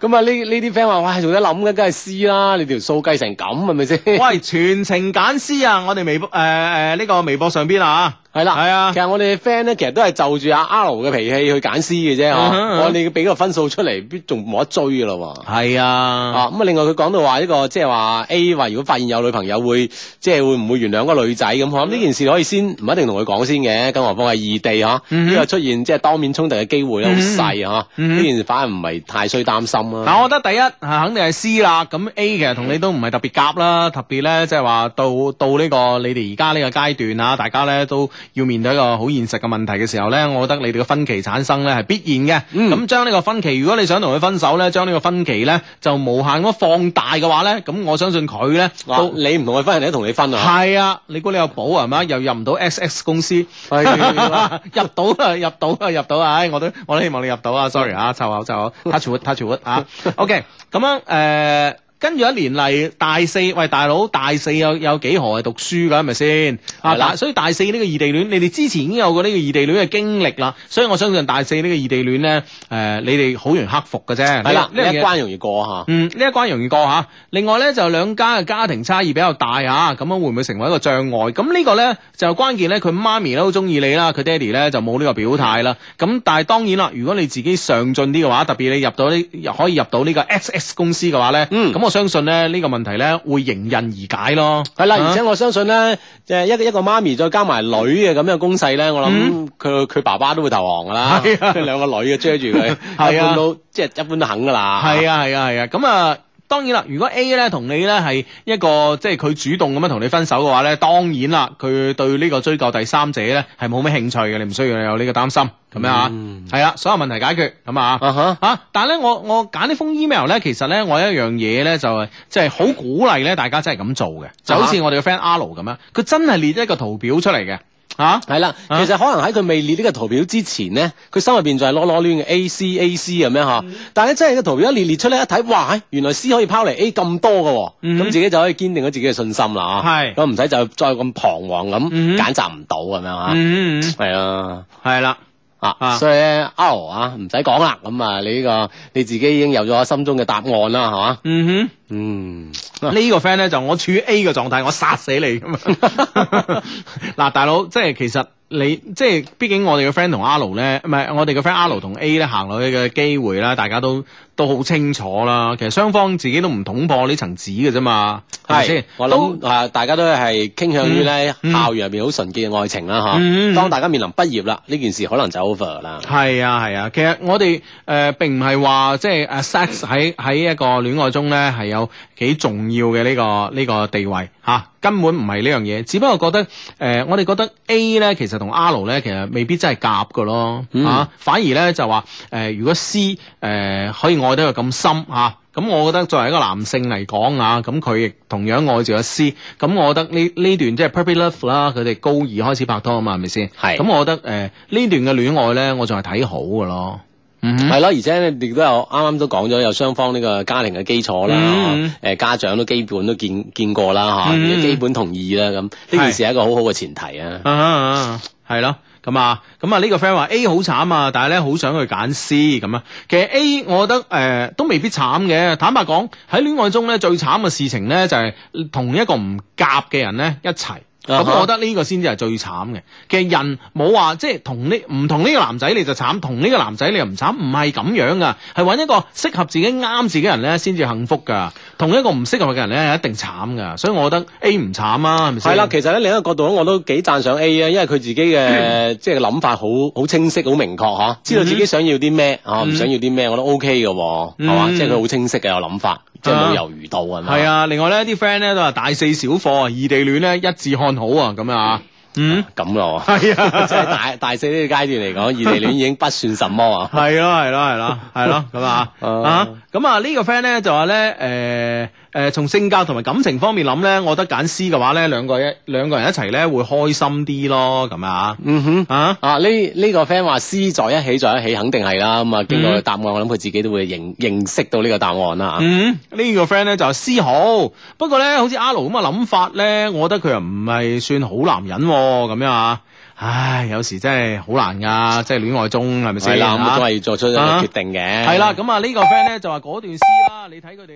A: 咁啊呢呢啲 friend 話，喂，我係做得諗嘅，梗係 C 啦，你條數計成咁係咪先？ 喂，全程揀 C 啊！我哋微博誒誒呢個微博上邊啊。係啦，係啊，其實我哋嘅 friend 咧，其實都係就住阿 R 嘅脾氣去揀 C 嘅啫，嗬。我哋要俾個分數出嚟，必仲冇得追噶咯。係啊，啊咁啊，另外佢講到話呢個即係話 A 話，如果發現有女朋友會即係會唔會原諒嗰個女仔咁？我諗，呢件事可以先唔一定同佢講先嘅，更何況係異地啊，呢個出現即係當面衝突嘅機會咧好細啊。呢件事反而唔係太需擔心啊。嗱，我覺得第一吓肯定係 C 啦，咁 A 其實同你都唔係特別夾啦，特別咧即係話到到呢個你哋而家呢個階段啊，大家咧都。要面對一個好現實嘅問題嘅時候咧，我覺得你哋嘅分歧產生咧係必然嘅。咁、嗯、將呢個分歧，如果你想同佢分手咧，將呢個分歧咧就無限咁放大嘅話咧，咁我相信佢咧，哇都你唔同佢分，人哋都同你分啊。係啊，你估你有寶係嘛？又入唔到 XX 公司，入到啊，入到啊，入到啊、哎！我都我都希望你入到啊。Sorry 啊，湊口湊口 Touchwood Touchwood 啊。OK，咁樣誒。呃跟住一年嚟，大四喂大佬，大四有有幾何係讀書㗎？係咪先？的啊，所以大四呢個異地戀，你哋之前已經有過呢個異地戀嘅經歷啦，所以我相信大四呢個異地戀咧，誒、呃、你哋好容易克服嘅啫。係啦的，呢、這個、一關容易過吓嗯，呢一關容易過吓，另外咧就兩家嘅家庭差異比較大嚇，咁樣會唔會成為一個障礙？咁呢個咧就關鍵咧，佢媽咪都好中意你啦，佢爹哋咧就冇呢個表態啦。咁但係當然啦，如果你自己上進啲嘅話特別你入到呢，可以入到呢個 XX 公司嘅話咧，嗯，咁我。相信咧呢、呢個問題咧會迎刃而解咯。係啦， 啊、而且我相信咧，即係一一個媽咪再加埋女嘅咁嘅攻勢咧，我諗佢佢爸爸都會投降噶啦。係啊，兩個女嘅追住佢，一般，都即係一般都肯噶啦。係啊，係啊，係啊，咁啊。嗯 當然啦，如果 A 咧同你咧係一個即係佢主動咁樣同你分手嘅話咧，當然啦，佢對呢個追究第三者咧係冇咩興趣嘅，你唔需要有呢個擔心咁樣啊，係、嗯、啊，所有問題解決咁啊吓、啊哈啊，但係咧我我揀呢封 email 咧，其實咧我有一樣嘢咧就係即係好鼓勵咧大家真係咁做嘅，就好似我哋嘅 friend 阿 Lou 咁啊，佢真係列咗一個圖表出嚟嘅。吓，係啦，其實可能喺佢未列呢個圖表之前咧，佢心入邊就係攞攞亂嘅 A C A C 咁樣吓。嗯、但係咧，真係個圖表一列列出嚟，一睇，哇，原來 C 可以拋離 A 咁多嘅、啊，咁、嗯嗯、自己就可以堅定咗自己嘅信心啦。吓、嗯，係、啊，咁唔使就再咁彷徨咁揀擇唔到咁樣吓。嗯，係、嗯、啊，係啦了。了啊，啊所以咧，阿盧啊，唔使講啦，咁啊，你呢、這個你自己已經有咗心中嘅答案啦，係、啊、嘛？嗯哼，嗯，啊、個呢個 friend 咧就我處於 A 嘅狀態，我殺死你噶嘛。嗱， 大佬，即係其實你，即係畢竟我哋嘅 friend 同阿盧咧，唔係我哋嘅 friend 阿盧同 A 咧行落去嘅機會啦，大家都。都好清楚啦，其實雙方自己都唔捅破呢層紙嘅啫嘛，
B: 係先，我諗
A: 啊，大家都係傾向於咧校園入邊好純潔嘅愛情啦，吓、嗯啊，當大家面臨畢業啦，呢件事可能就 over 啦。係啊係啊，其實我哋誒、呃、並唔係話即係誒 sex 喺喺一個戀愛中咧係有幾重要嘅呢、這個呢、這個地位吓、啊，根本唔係呢樣嘢，只不過覺得誒、呃、我哋覺得 A 咧其實同 R 咧其實未必真係夾嘅咯，吓、啊，反而咧就話誒如果 C 誒、呃呃、可以。愛得又咁深嚇，咁我覺得作為一個男性嚟講啊，咁佢亦同樣愛住阿詩，咁我覺得呢呢段即係 Puppy Love 啦，佢哋高二開始拍拖啊嘛，係咪先？係，咁我覺得誒呢段嘅戀愛咧，我仲係睇好㗎咯，係咯，而且亦都有啱啱都講咗有雙方呢個家庭嘅基礎啦，誒家長都基本都見見過啦吓，基本同意啦，咁呢件事係一個好好嘅前提啊，係、啊、咯。啊啊啊啊啊咁啊，咁啊呢個 friend 話 A 好慘啊，但係咧好想去揀 C 咁啊。其實 A 我覺得誒、呃、都未必慘嘅。坦白講喺戀愛中咧最慘嘅事情咧就係、是、同一個唔夾嘅人咧一齊。咁，uh huh. 我覺得呢個先至係最慘嘅。其實人冇話即係同呢唔同呢個男仔你就慘，同呢個男仔你又唔慘，唔係咁樣噶，係揾一個適合自己啱自己，自己人咧先至幸福噶。同一個唔適合嘅人咧一定慘噶。所以我覺得 A 唔慘啊，係咪先？係啦，其實咧另一個角度我都幾讚賞 A 啊，因為佢自己嘅即係諗法好好清晰、好明確嚇，知道自己想要啲咩、嗯、啊，唔想要啲咩，我都 OK 嘅喎，係嘛、嗯？即係佢好、就是、清晰嘅有諗法。即係冇油如猶豫到啊嘛，係、uh, 啊！另外咧，啲 friend 咧都話大四小啊，異地戀咧一致看好啊！咁啊，嗯，咁咯，係啊！即係大大四呢個階段嚟講，異地戀已經不算什麼啊！係咯，係咯，係咯，係咯，咁啊，啊，咁啊， 啊啊這個、呢個 friend 咧就話咧，誒、呃。誒、呃，從性格同埋感情方面諗咧，我覺得揀 C 嘅話咧，兩個一兩個人一齊咧會開心啲咯，咁啊，嗯哼啊啊呢呢、這個 friend 話 C 在一起在一起肯定係啦。咁、嗯、啊，經過答案，我諗佢自己都會認認識到呢個答案啦、啊。嗯，這個、呢個 friend 咧就話、是、C 好，不過咧好似阿 Lo 咁嘅諗法咧，我覺得佢又唔係算好男人喎、啊，咁樣啊，唉，有時真係好難噶，即係戀愛中係咪先啊？咁都係作出一個決定嘅、啊。係啦，咁啊呢個 friend 咧就話嗰段 C 啦、啊，你睇佢哋。